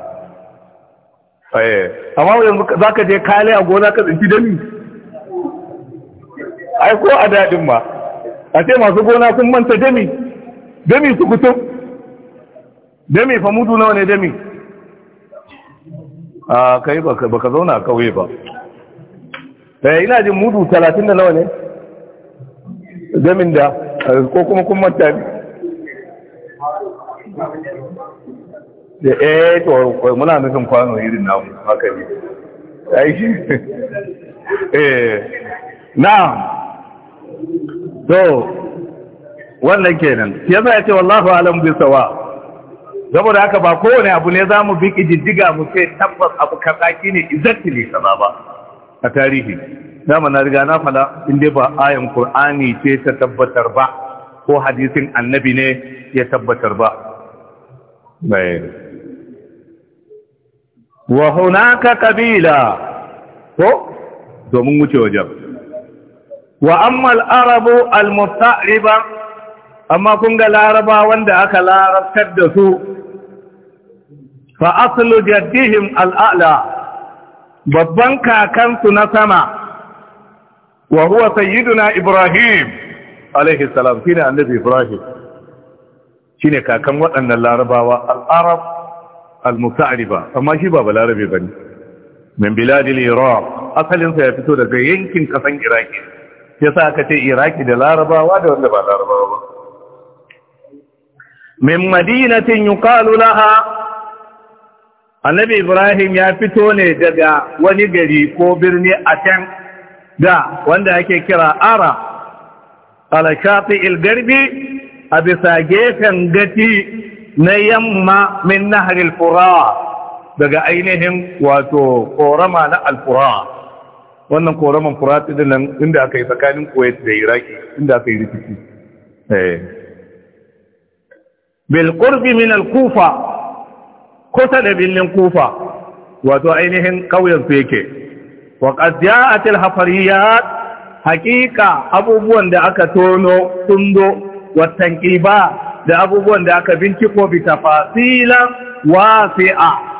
eh, amma yanzu za ka je kale a gona ka tsinci dami ai ko a daɗin ma a ce masu gona sun manta dami dami su kutum dami fa mudu nawa ne dami a kai baka zauna a kauye ba ta eh, ina jin mudu talatin da nawa ne damin da ko kuma kun manta da eh to muna nufin kwano irin namu haka ne ai eh na'am to wannan kenan ya za ce wallahu alam bi sawa saboda haka ba kowane abu ne za mu bi kididdiga mu ce tabbas abu kazaki ne exactly ba a tarihi dama na riga na fada in dai ba ayan qur'ani ce ta tabbatar ba ko hadisin annabi ne ya tabbatar ba wa hunaka kabila ko domin wuce wajen wa ammal arabu al-musta'riba amma kun ga laraba wanda aka larabtar da su fa aslu jaddihim al-a'la babban kakansu na sama wa huwa sayyiduna ibrahim alaihi salam shine annabi ibrahim shine kakan waɗannan larabawa al-arab al-musta'riba amma shi ba balarabe bane min biladil iraq asalin sa ya fito daga yankin kasan iraki ya sa aka ce iraki da larabawa da wanda ba larabawa ba min madinatin yuqalu laha annabi ibrahim ya fito ne daga wani gari ko birni a can da wanda ake kira ara alashati ilgarbi a bisa gefen gati na yamma min nahar alfura daga ainihin wato korama na alfurawa. wannan koraman furati da nan inda aka yi tsakanin kuwait da iraki inda aka yi rikici eh. bil qurbi min al kufa kusa da birnin kufa wato ainihin kauyen su yake wa qad ja'at al hafariyat haqiqa abubuwan da aka tono tundo wa tanqiba da abubuwan da aka binciko bi tafasila wasi'a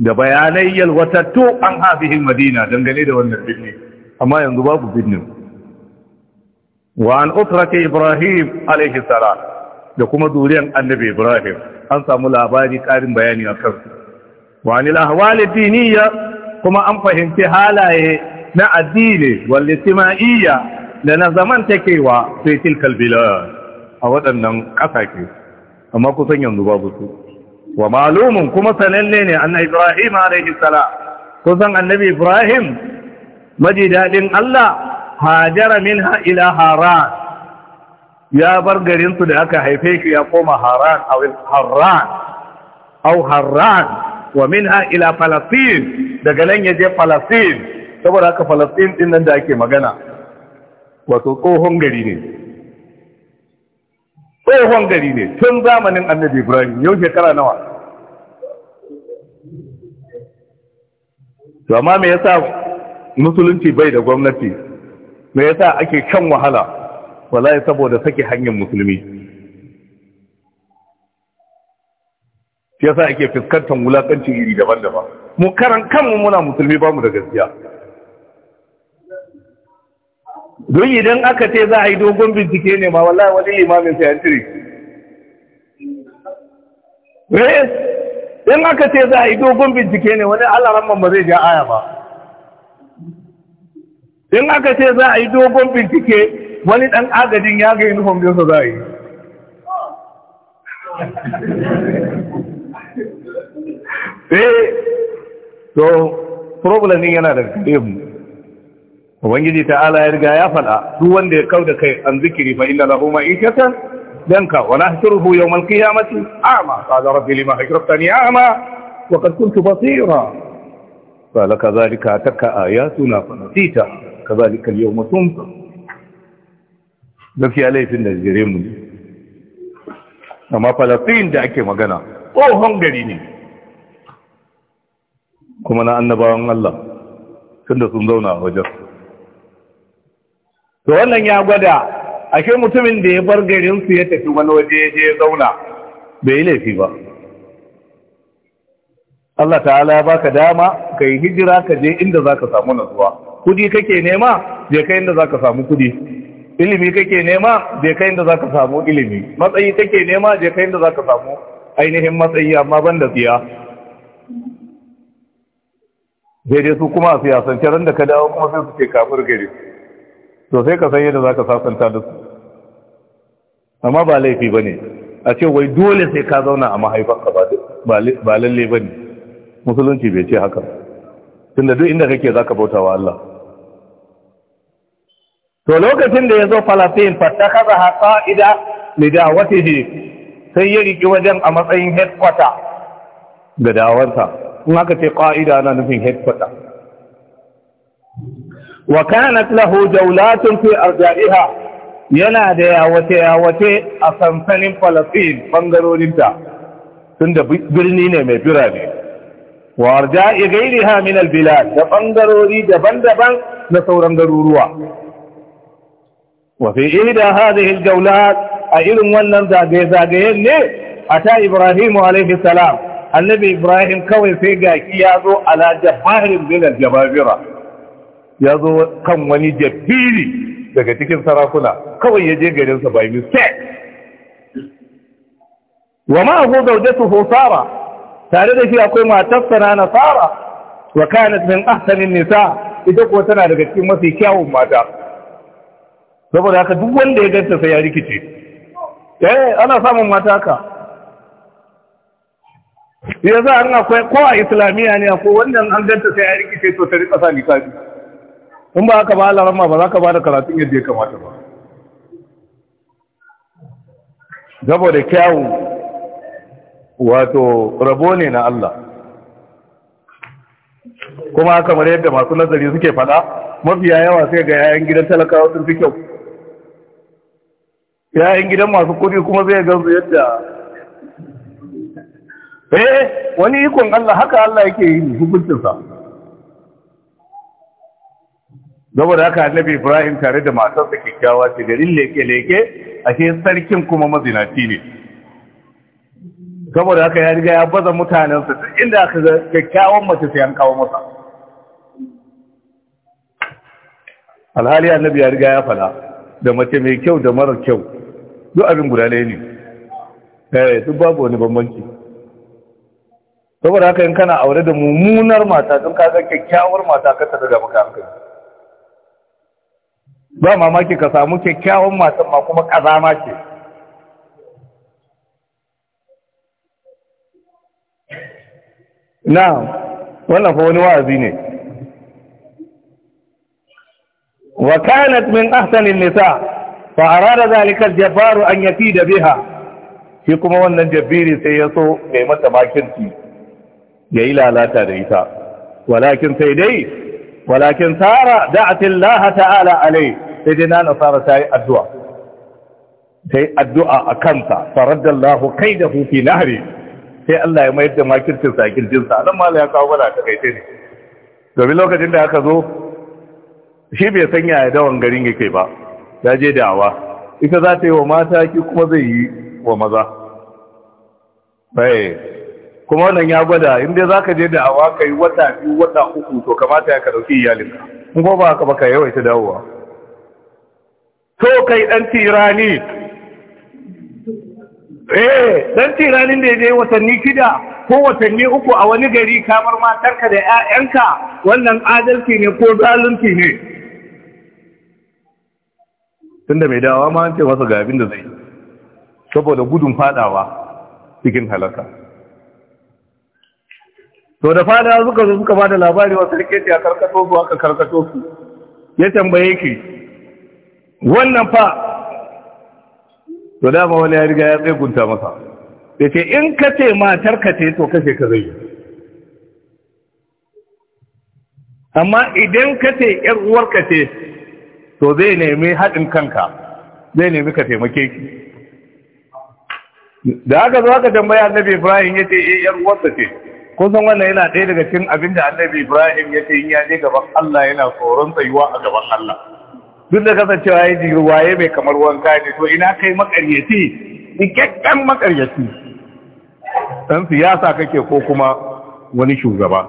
da bayanai yalwatattu an hafihin madina dangane da wannan birni amma yanzu babu birnin wa an utrake ibrahim alaihi salam da kuma zuriyar annabi ibrahim an samu labari karin bayani a kansu wa an ilahwali diniya kuma an fahimci halaye na addini wal ijtima'iyya da na zamantakewa sai tilkal bilad a waɗannan ƙasashe amma kusan yanzu babu su wa malumin kuma sananne ne anna ibrahim alaihi salam kusan annabi ibrahim maji dadin Allah hajara minha ila haran ya bar garin su da aka haife shi ya koma haran aw haran aw haran wa minha ila falastin daga nan yaje falastin saboda haka falastin din nan da ake magana wato tsohon gari ne tsohon gari ne tun zamanin annabi ibrahim yau shekara nawa to amma me yasa musulunci bai da gwamnati me yasa ake kan wahala wallahi saboda sake hanyar musulmi yasa ake fuskantar wulakanci iri daban-daban mu karan kanmu muna musulmi ba mu da gaskiya don idan aka ce za a yi dogon bincike ne ma wallahi wani imamin sai an cire eh, in aka ce za a yi dogon bincike ne wani Allah ramman ba zai ja aya ba in aka ce za a yi dogon bincike wani dan agajin ya ga uniform din sa za a yi eh to problem yana da kare mu ubangiji Ala ya riga ya faɗa duk wanda ya kauda kai an zikiri fa inna lahu ma'ishatan danka wa nahshuruhu yawm al-qiyamati a'ma qala rabbi lima hashartani a'ma wa qad kuntu basira qala kadhalika ataka ayatuna fa nasita kadhalika al-yawma tunsa dafi alaifin da jire mu amma falastin da ake magana tsohon gari ne kuma na annabawan Allah tunda sun zauna a wajen to wannan ya gwada ashe mutumin da ya bar garin su ya tafi wani waje ya je zauna bai yi laifi ba Allah ta'ala ya baka dama ka yi hijira ka je inda zaka samu nasuwa kudi kake nema je kai inda zaka samu kudi ilimi kake nema je kai inda zaka samu ilimi matsayi kake nema je kai inda zaka samu ainihin matsayi amma banda tsiya daidai su kuma a siyasance ran da ka dawo kuma sai su ce kafir gari to sai ka san yadda za ka sasanta da amma ba laifi ba ne a ce wai dole sai ka zauna a mahaifanka ba lalle ba ne musulunci bai ce haka tunda duk inda kake za ka bauta wa Allah to lokacin da ya zo falafin fataka za a ƙa'ida lidawatihi sai ya riƙi wajen a matsayin headquarter ga dawanta in haka ce ƙa'ida na nufin headquarter wa kanat lahu jawlatun fi arja'iha yana da yawace yawace a sansanin Falasɗin bangarorinta tunda birni ne mai birane wa arja'i ghayriha min albilad da bangarori daban-daban na sauran garuruwa wa fi ihda hadhihi aljawlat a irin wannan zagaye zagaye ne ata Ibrahim alayhi salam annabi Ibrahim kawai sai gaki ya zo ala jabahirin min aljababira ya zo kan wani jabiri daga cikin sarakuna kawai ya je garinsa by mistake wa ma'ahu zawjatuhu sara tare da shi akwai matarsa na nasara wa kanat min ahsanin nisa ita kuwa tana daga cikin mafi kyawun mata saboda haka duk wanda ya ganta sai ya rikice eh ana samun mata ka yanzu an akwai ko a islamiyya ne akwai wannan an ganta sai ya rikice to ta rika sa niqabi in ba haka ba alarama ba za ka ba da karatun yadda ya kamata ba da kyawu wato rabo ne na Allah kuma kamar yadda masu nazari suke fada mafiya yawa sai ga yayan gidan talakawa sun fi kyau yayan gidan masu kudi kuma zai ganzu yadda eh wani ikon Allah haka Allah yake yi hukuncinsa saboda haka annabi ibrahim tare da matarsa kyakkyawa ce garin leke-leke ashe sarkin kuma mazinaci ne saboda haka ya riga ya baza mutanensa duk inda aka ga kyakkyawan mace sai an kawo masa alhali annabi ya riga ya fada da mace mai kyau da mara kyau duk abin guda ne ne eh duk babu wani bambanci saboda haka in kana aure da mummunar mata don ka ga kyakkyawar mata ka ta daga maka hankali ba mamaki ka samu kyakkyawan matan ma kuma kazama ce na wannan fa wani wa'azi ne wa kanat min ahsanin nisa fa arada zalika al-jabbaru an da biha shi kuma wannan jabbiri sai ya so mai mata makinci ya yi lalata da ita walakin sai dai walakin sara da'at Allah ta'ala alai sai dai nana sara ta yi addu'a sai addu'a a kansa faradda kaidahu fi sai Allah ya mayar da makircin sakin kirjin sa dan mallaka ya kawo bala ta kai ne domin lokacin da aka zo shi bai san yaya dawan garin yake ba ya je dawa ita za ta yi wa mata ki kuma zai yi wa maza bai kuma wannan ya gwada in za ka je da awa ka yi wata biyu wata uku to kamata ya ka dauki iyalinka in ko ba ka baka yawaita dawowa to kai dan tirani eh dan tiranin da je watanni kida ko watanni uku a wani gari kamar matarka da 'ya'yanka wannan adalci ne ko zalunci ne tunda mai dawa ma an ce masa ga abin da zai saboda gudun fadawa cikin halaka to da fada suka zo suka bada labari wa sarki ya karkato su aka karkato su ya tambaye ki wannan fa to dama wani ya riga ya tsegunta masa ya ce in ka ce matar ka ce to kashe ka zai amma idan ka ce yar uwar ka ce to zai nemi haɗin kanka zai nemi ka taimake ki da aka zo aka tambaya annabi Ibrahim ya ce eh yar uwar ka ce kun san wannan yana ɗaya daga cikin abin da annabi ibrahim ya ce in ya je gaban allah yana tsoron tsayuwa a gaban allah duk da kasancewa ya ji waye mai kamar wanka ne to ina kai makaryaci cikakken makaryaci dan siyasa kake ko kuma wani shugaba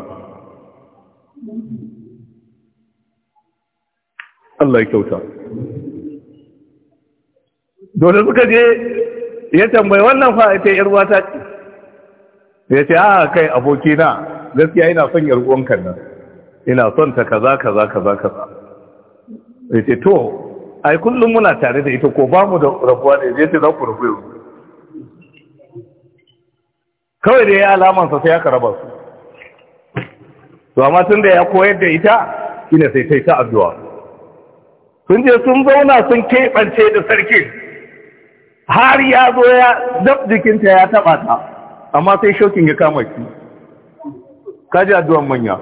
Allah ya kyauta dole suka je ya tambayi wannan fa ita yar wata ce ya ce a ah, kai abokina gaskiya ina son yarguwan nan ina son ta kaza kaza kaza kaza ya ce to ai kullum muna tare da ita ko ba mu da rabuwa ne ya ce za ku rabu kawai da ya alamansa sai ya karaba su to amma tun da ya koyar da ita ina sai ta yi ta addu'a sun je sun zauna sun keɓance da sarki har ya zo ya dab jikinta ya taɓa ta amma sai shaukin ya kama shi kaji addu'an manya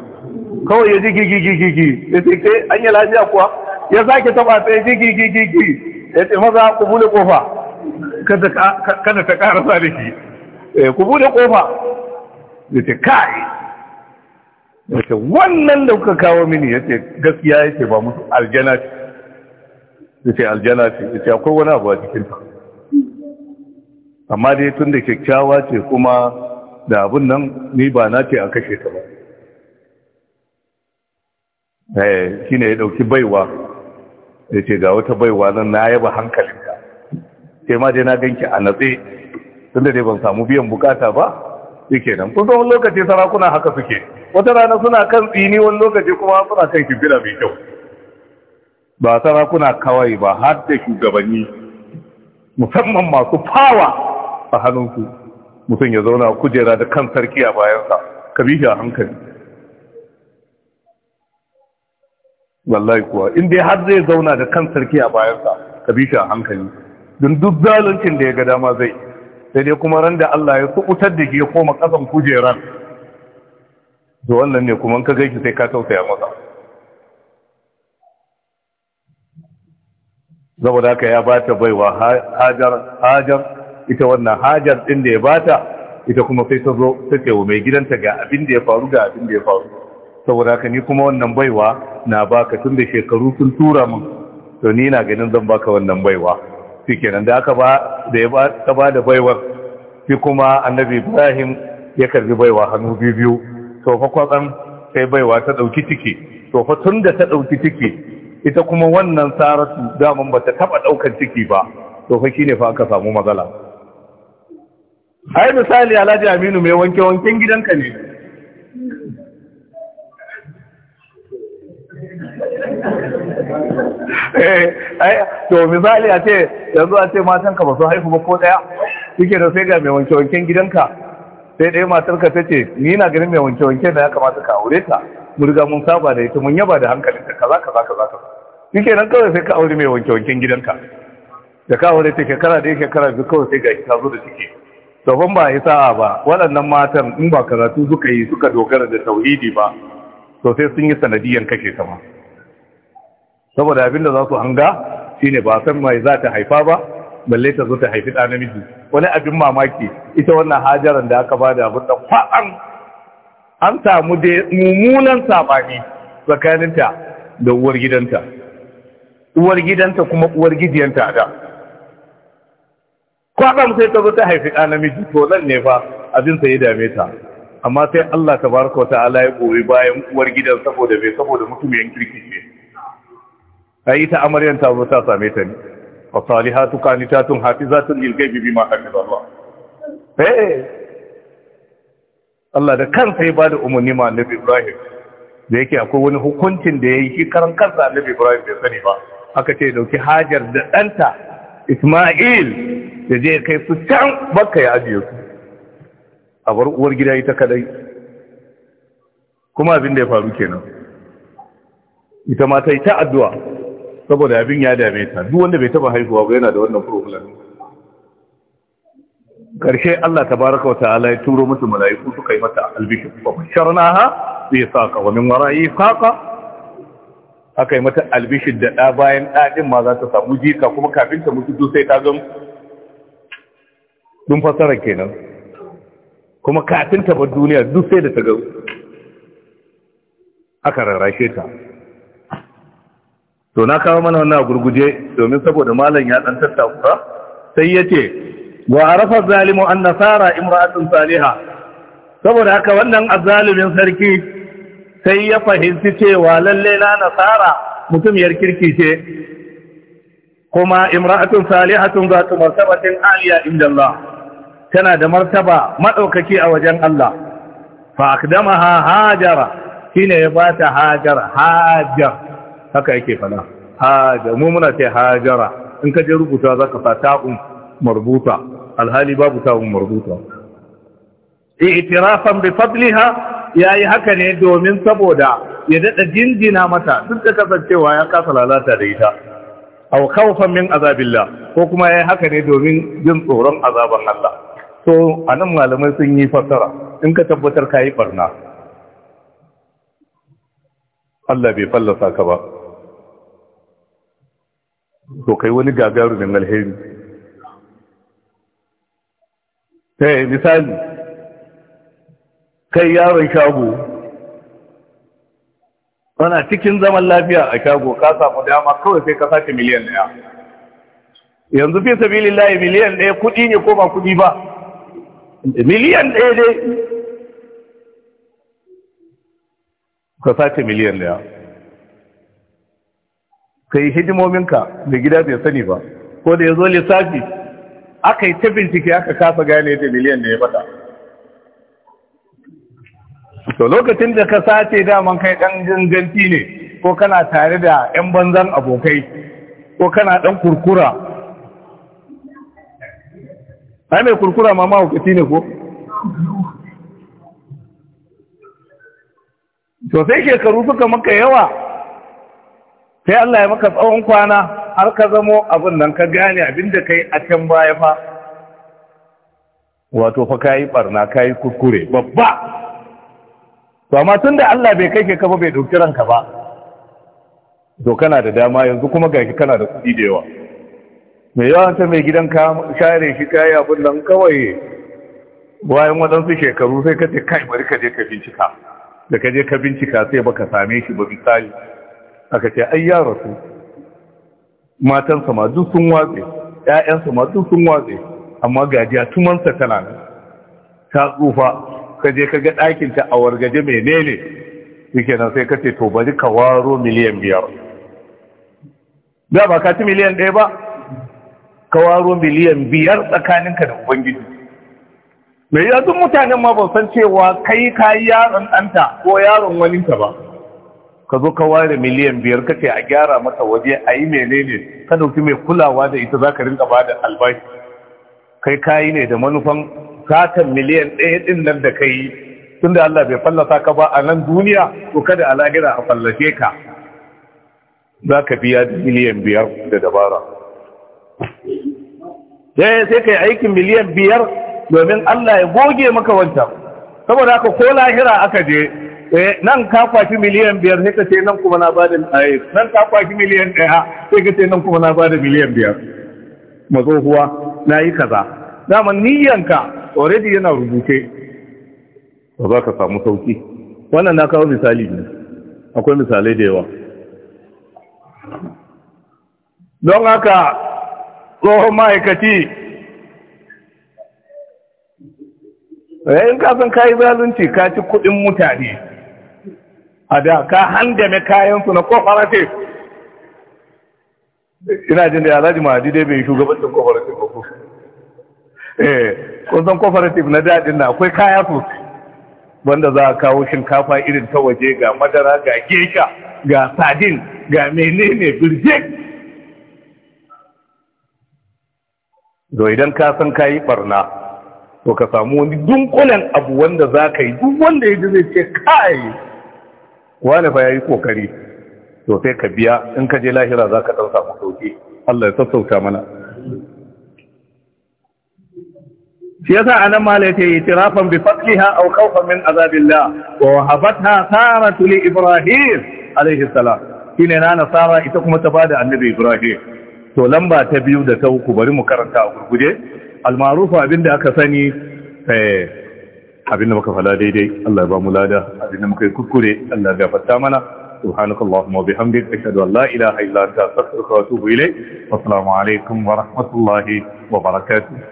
kawai ya ji gigigigigi ya ce ke an yi lafiya kuwa ya sake taba sai gigigigigi ya ce maza ku bude kofa kada ta sa da shi eh, ku bude kofa ya ce kai ya ce wannan da kuka kawo mini ya ce gaskiya ya ce ba musu aljana ce ya ce aljana ce ya ce akwai wani abu a ta amma dai tun da kyakkyawa ce kuma da abin nan ni ba na ce a kashe ta ba eh, shi ne ya ɗauki baiwa ya ce ga wata baiwa nan na yaba hankalinka sai ma dai na ganki a natse tun da dai ban samu biyan bukata ba yake nan kun wani lokaci sarakuna haka suke wata rana suna kan tsini wani lokaci kuma suna kan kibira mai kyau ba sarakuna kawai ba har da shugabanni musamman masu fawa a hannunsu mutum ya zauna kujera da kan sarki a bayansa ka bi shi a hankali wallahi kuwa in dai har zai zauna da kan sarki a bayansa ka bi shi a hankali don duk zaluncin da ya ga dama zai sai dai kuma ran da Allah ya kubutar da ke koma kasan kujeran da wannan ne kuma ka gaishe sai ka tausaya masa saboda haka ya ba ta baiwa hajar hajar ita wannan hajar ɗin da ya bata ita kuma sai ta zo ta ce wa mai gidanta ga abin da ya faru ga abin da ya faru saboda haka ni kuma wannan baiwa na baka tun da shekaru sun tura mun to ni na ganin zan baka wannan baiwa kenan da aka ba da ya ta ba da baiwar shi kuma annabi Ibrahim ya karbi baiwa hannu biyu biyu to fa kwatsan sai baiwa ta dauki ciki to fa tun da ta dauki ciki ita kuma wannan saratu ba bata taba daukar ciki ba to fa shine fa aka samu matsala ai misali alhaji aminu mai wanke wanken gidanka ne eh, to misali a ce yanzu a ce matanka ba su haihu ba ko daya suke da sai ga mai wanke wanken gidanka sai ɗaya matarka ta ce ni na ganin mai wanke wanken da ya kamata ka aure ta murga mun saba da ita mun yaba da ta kaza kaza kaza kaza shike nan kawai sai ka aure mai wanke wanken gidanka da ka aure ta shekara da shekara biyu kawai sai ga ita zo da take sabon ba isa'a ba waɗannan matan in ba karatu suka yi suka dogara da tauhidi ba to sai sun yi sanadiyan kake ta saboda abinda za su hanga shine ba san mai za ta haifa ba balle ta zo ta haifi ɗa namiji wani abin mamaki ita wannan hajaran da aka bada abin da kwaan an samu da mummunan saɓani tsakaninta da uwar gidanta uwar gidanta kuma uwar gidiyanta da kwaɗan sai ta zo haifi ɗa namiji to nan ne fa abin sai ya dame ta amma sai Allah ta baraka ala ya goyi bayan uwar gidan saboda bai saboda mutumiyan kirki ne a yi ta amaryan ta zo ta same ta ne wa salihatu qanitatun hafizatun lil ghaibi bima hafizallah eh Allah da kansa ya bada umarni ma Annabi Ibrahim da yake akwai wani hukuncin da yayi shi karan kansa Annabi Ibrahim bai sani ba aka ce dauki Hajar da ɗanta Isma'il Da je kai su can baka ya ajiye su a bar uwar gida ita kadai kuma abin da ya faru kenan ita ma ta yi ta addu'a saboda abin ya dame ta duk wanda bai taba haihuwa ba yana da wannan problem karshe Allah tabaraka wa ta'ala ya turo mata mala'iku suka yi mata albishir wa basharnaha bi saqa wa min wara'i saqa aka mata albishir da da bayan dadin ma za ta samu jika kuma kafin ta mutu sai ta ga dun fasara kenan kuma kafin ta bar duniya duk sai da ta ga aka rarrashe ta to na kawo mana wannan gurguje domin saboda malam ya dan tattakura sai yace wa arafa zalimu an nasara imra'atun saliha saboda haka wannan azalimin sarki sai ya fahimci cewa lalle na nasara mutum yar kirki ce kuma imra'atun salihatun zatu martabatin aliya indallah tana da martaba maɗaukaki a wajen Allah fa akdamaha hajara shine ya bata hajara hajar haka yake fana hajar mu muna ce hajara in ka je rubuta zaka fa ta'un marbuta alhali babu ta'un marbuta i'tirafan bi fadliha yayi haka ne domin saboda ya dada jinjina mata duk da kasancewa ya kasa lalata da ita aw khawfan min azabillah ko kuma yayi haka ne domin jin tsoron azaban Allah so a nan malamai sun yi fasara in ka tabbatar ka yi barna Allah bai fallasa ka ba to kai wani gagarumin alheri sai eh, misali kai yaron shago wana cikin zaman lafiya a shago ka samu dama kawai sai ka sace miliyan daya yanzu fi sabilillahi miliyan daya kudi ne ko ba kudi ba miliyan ɗaya dai ka sace miliyan ɗaya ka yi hidimominka da gida bai sani ba ko da ya zo lissafi aka yi ta bincike aka kasa gane da miliyan ɗaya bata to lokacin da ka sace daman kai ɗan ganganci ne ko kana tare da 'yan banzan abokai ko kana ɗan kurkura ai mai kurkura ma mahaukaci ne ko to sai shekaru suka maka yawa sai Allah ya maka tsawon kwana har ka zamo abin nan ka gane abin da kai a can baya fa wato fa kayi barna kayi kurkure babba to amma da Allah bai kai ka ba bai dauki ranka ba to kana da dama yanzu kuma gaki kana da kuɗi da yawa mai yawan ta mai gidan kare share shi yi abin nan kawai bayan waɗansu shekaru sai ka ce kai bari ka je ka bincika da ka je ka bincika sai baka same shi ba misali aka ce ai ya rasu matansa ma duk sun watse ƴaƴansa ma duk sun watse amma gajiya tumansa tana nan ta tsufa ka je ka ga ɗakinta a wargaje menene yake nan sai ka ce to bari ka waro miliyan biyar da ba ka ci miliyan ɗaya ba ka waro miliyan biyar tsakaninka da ubangiji mai yanzu mutanen ma ba san cewa kai ka yi yaron ɗanta ko yaron waninka ba ka zo ka ware miliyan biyar kake a gyara mata waje a yi menene ka dauki mai kulawa da ita zaka rinka ba da albashi kai ka yi ne da manufan satan miliyan ɗaya ɗin nan da ka yi tun da Allah bai fallasa ka ba a nan duniya Ko kada a lahira a fallashe ka za ka biya miliyan biyar da dabara sai ka yi aikin miliyan biyar domin Allah ya goge maka wancan saboda haka ko lahira aka je eh, nan ka kwashi miliyan biyar sai ka ce nan kuma na bada ai eh, nan ka kwashi miliyan ɗaya sai ka ce nan kuma na bada miliyan biyar mazo huwa na yi kaza dama niyyanka already yana rubuce ba za ka samu sauki wannan na kawo misali ne akwai misalai da yawa don haka tsohon ma'aikaci yayin eh, kasan ka yi zalunci ka ci kudin mutane a da ka handame kayansu na kofaratif ina jin da ya zaji mahadi dai bai shugabancin kofaratif ba ku eh kofaratif na dadin na akwai kaya sosai wanda za a kawo shinkafa irin ta waje ga madara ga gesha ga sadin ga menene birjik do idan ka san ka yi barna to ka samu wani dunkulen abu wanda za ka yi duk wanda ya ji zai ce kai wani fa ya yi kokari to sai ka biya in ka je lahira za ka ɗan samu sauƙi. Allah ya sassauta mana shi yasa anan mala yace itirafan bi fadliha aw khawfan min azabillah wa wahabatha saratu li ibrahim alayhi salam shine na nasara ita kuma ta bada annabi ibrahim to lamba ta biyu da ta uku bari mu karanta a gurgude. almarufu abinda aka sani eh abinda muka fala daidai Allah ya ba mu lada abinda muka yi kuskure Allah ya gafarta mana subhanakallahumma wa bihamdika ashhadu an la ilaha illa anta astaghfiruka wa atubu ilayk assalamu alaikum wa rahmatullahi wa barakatuh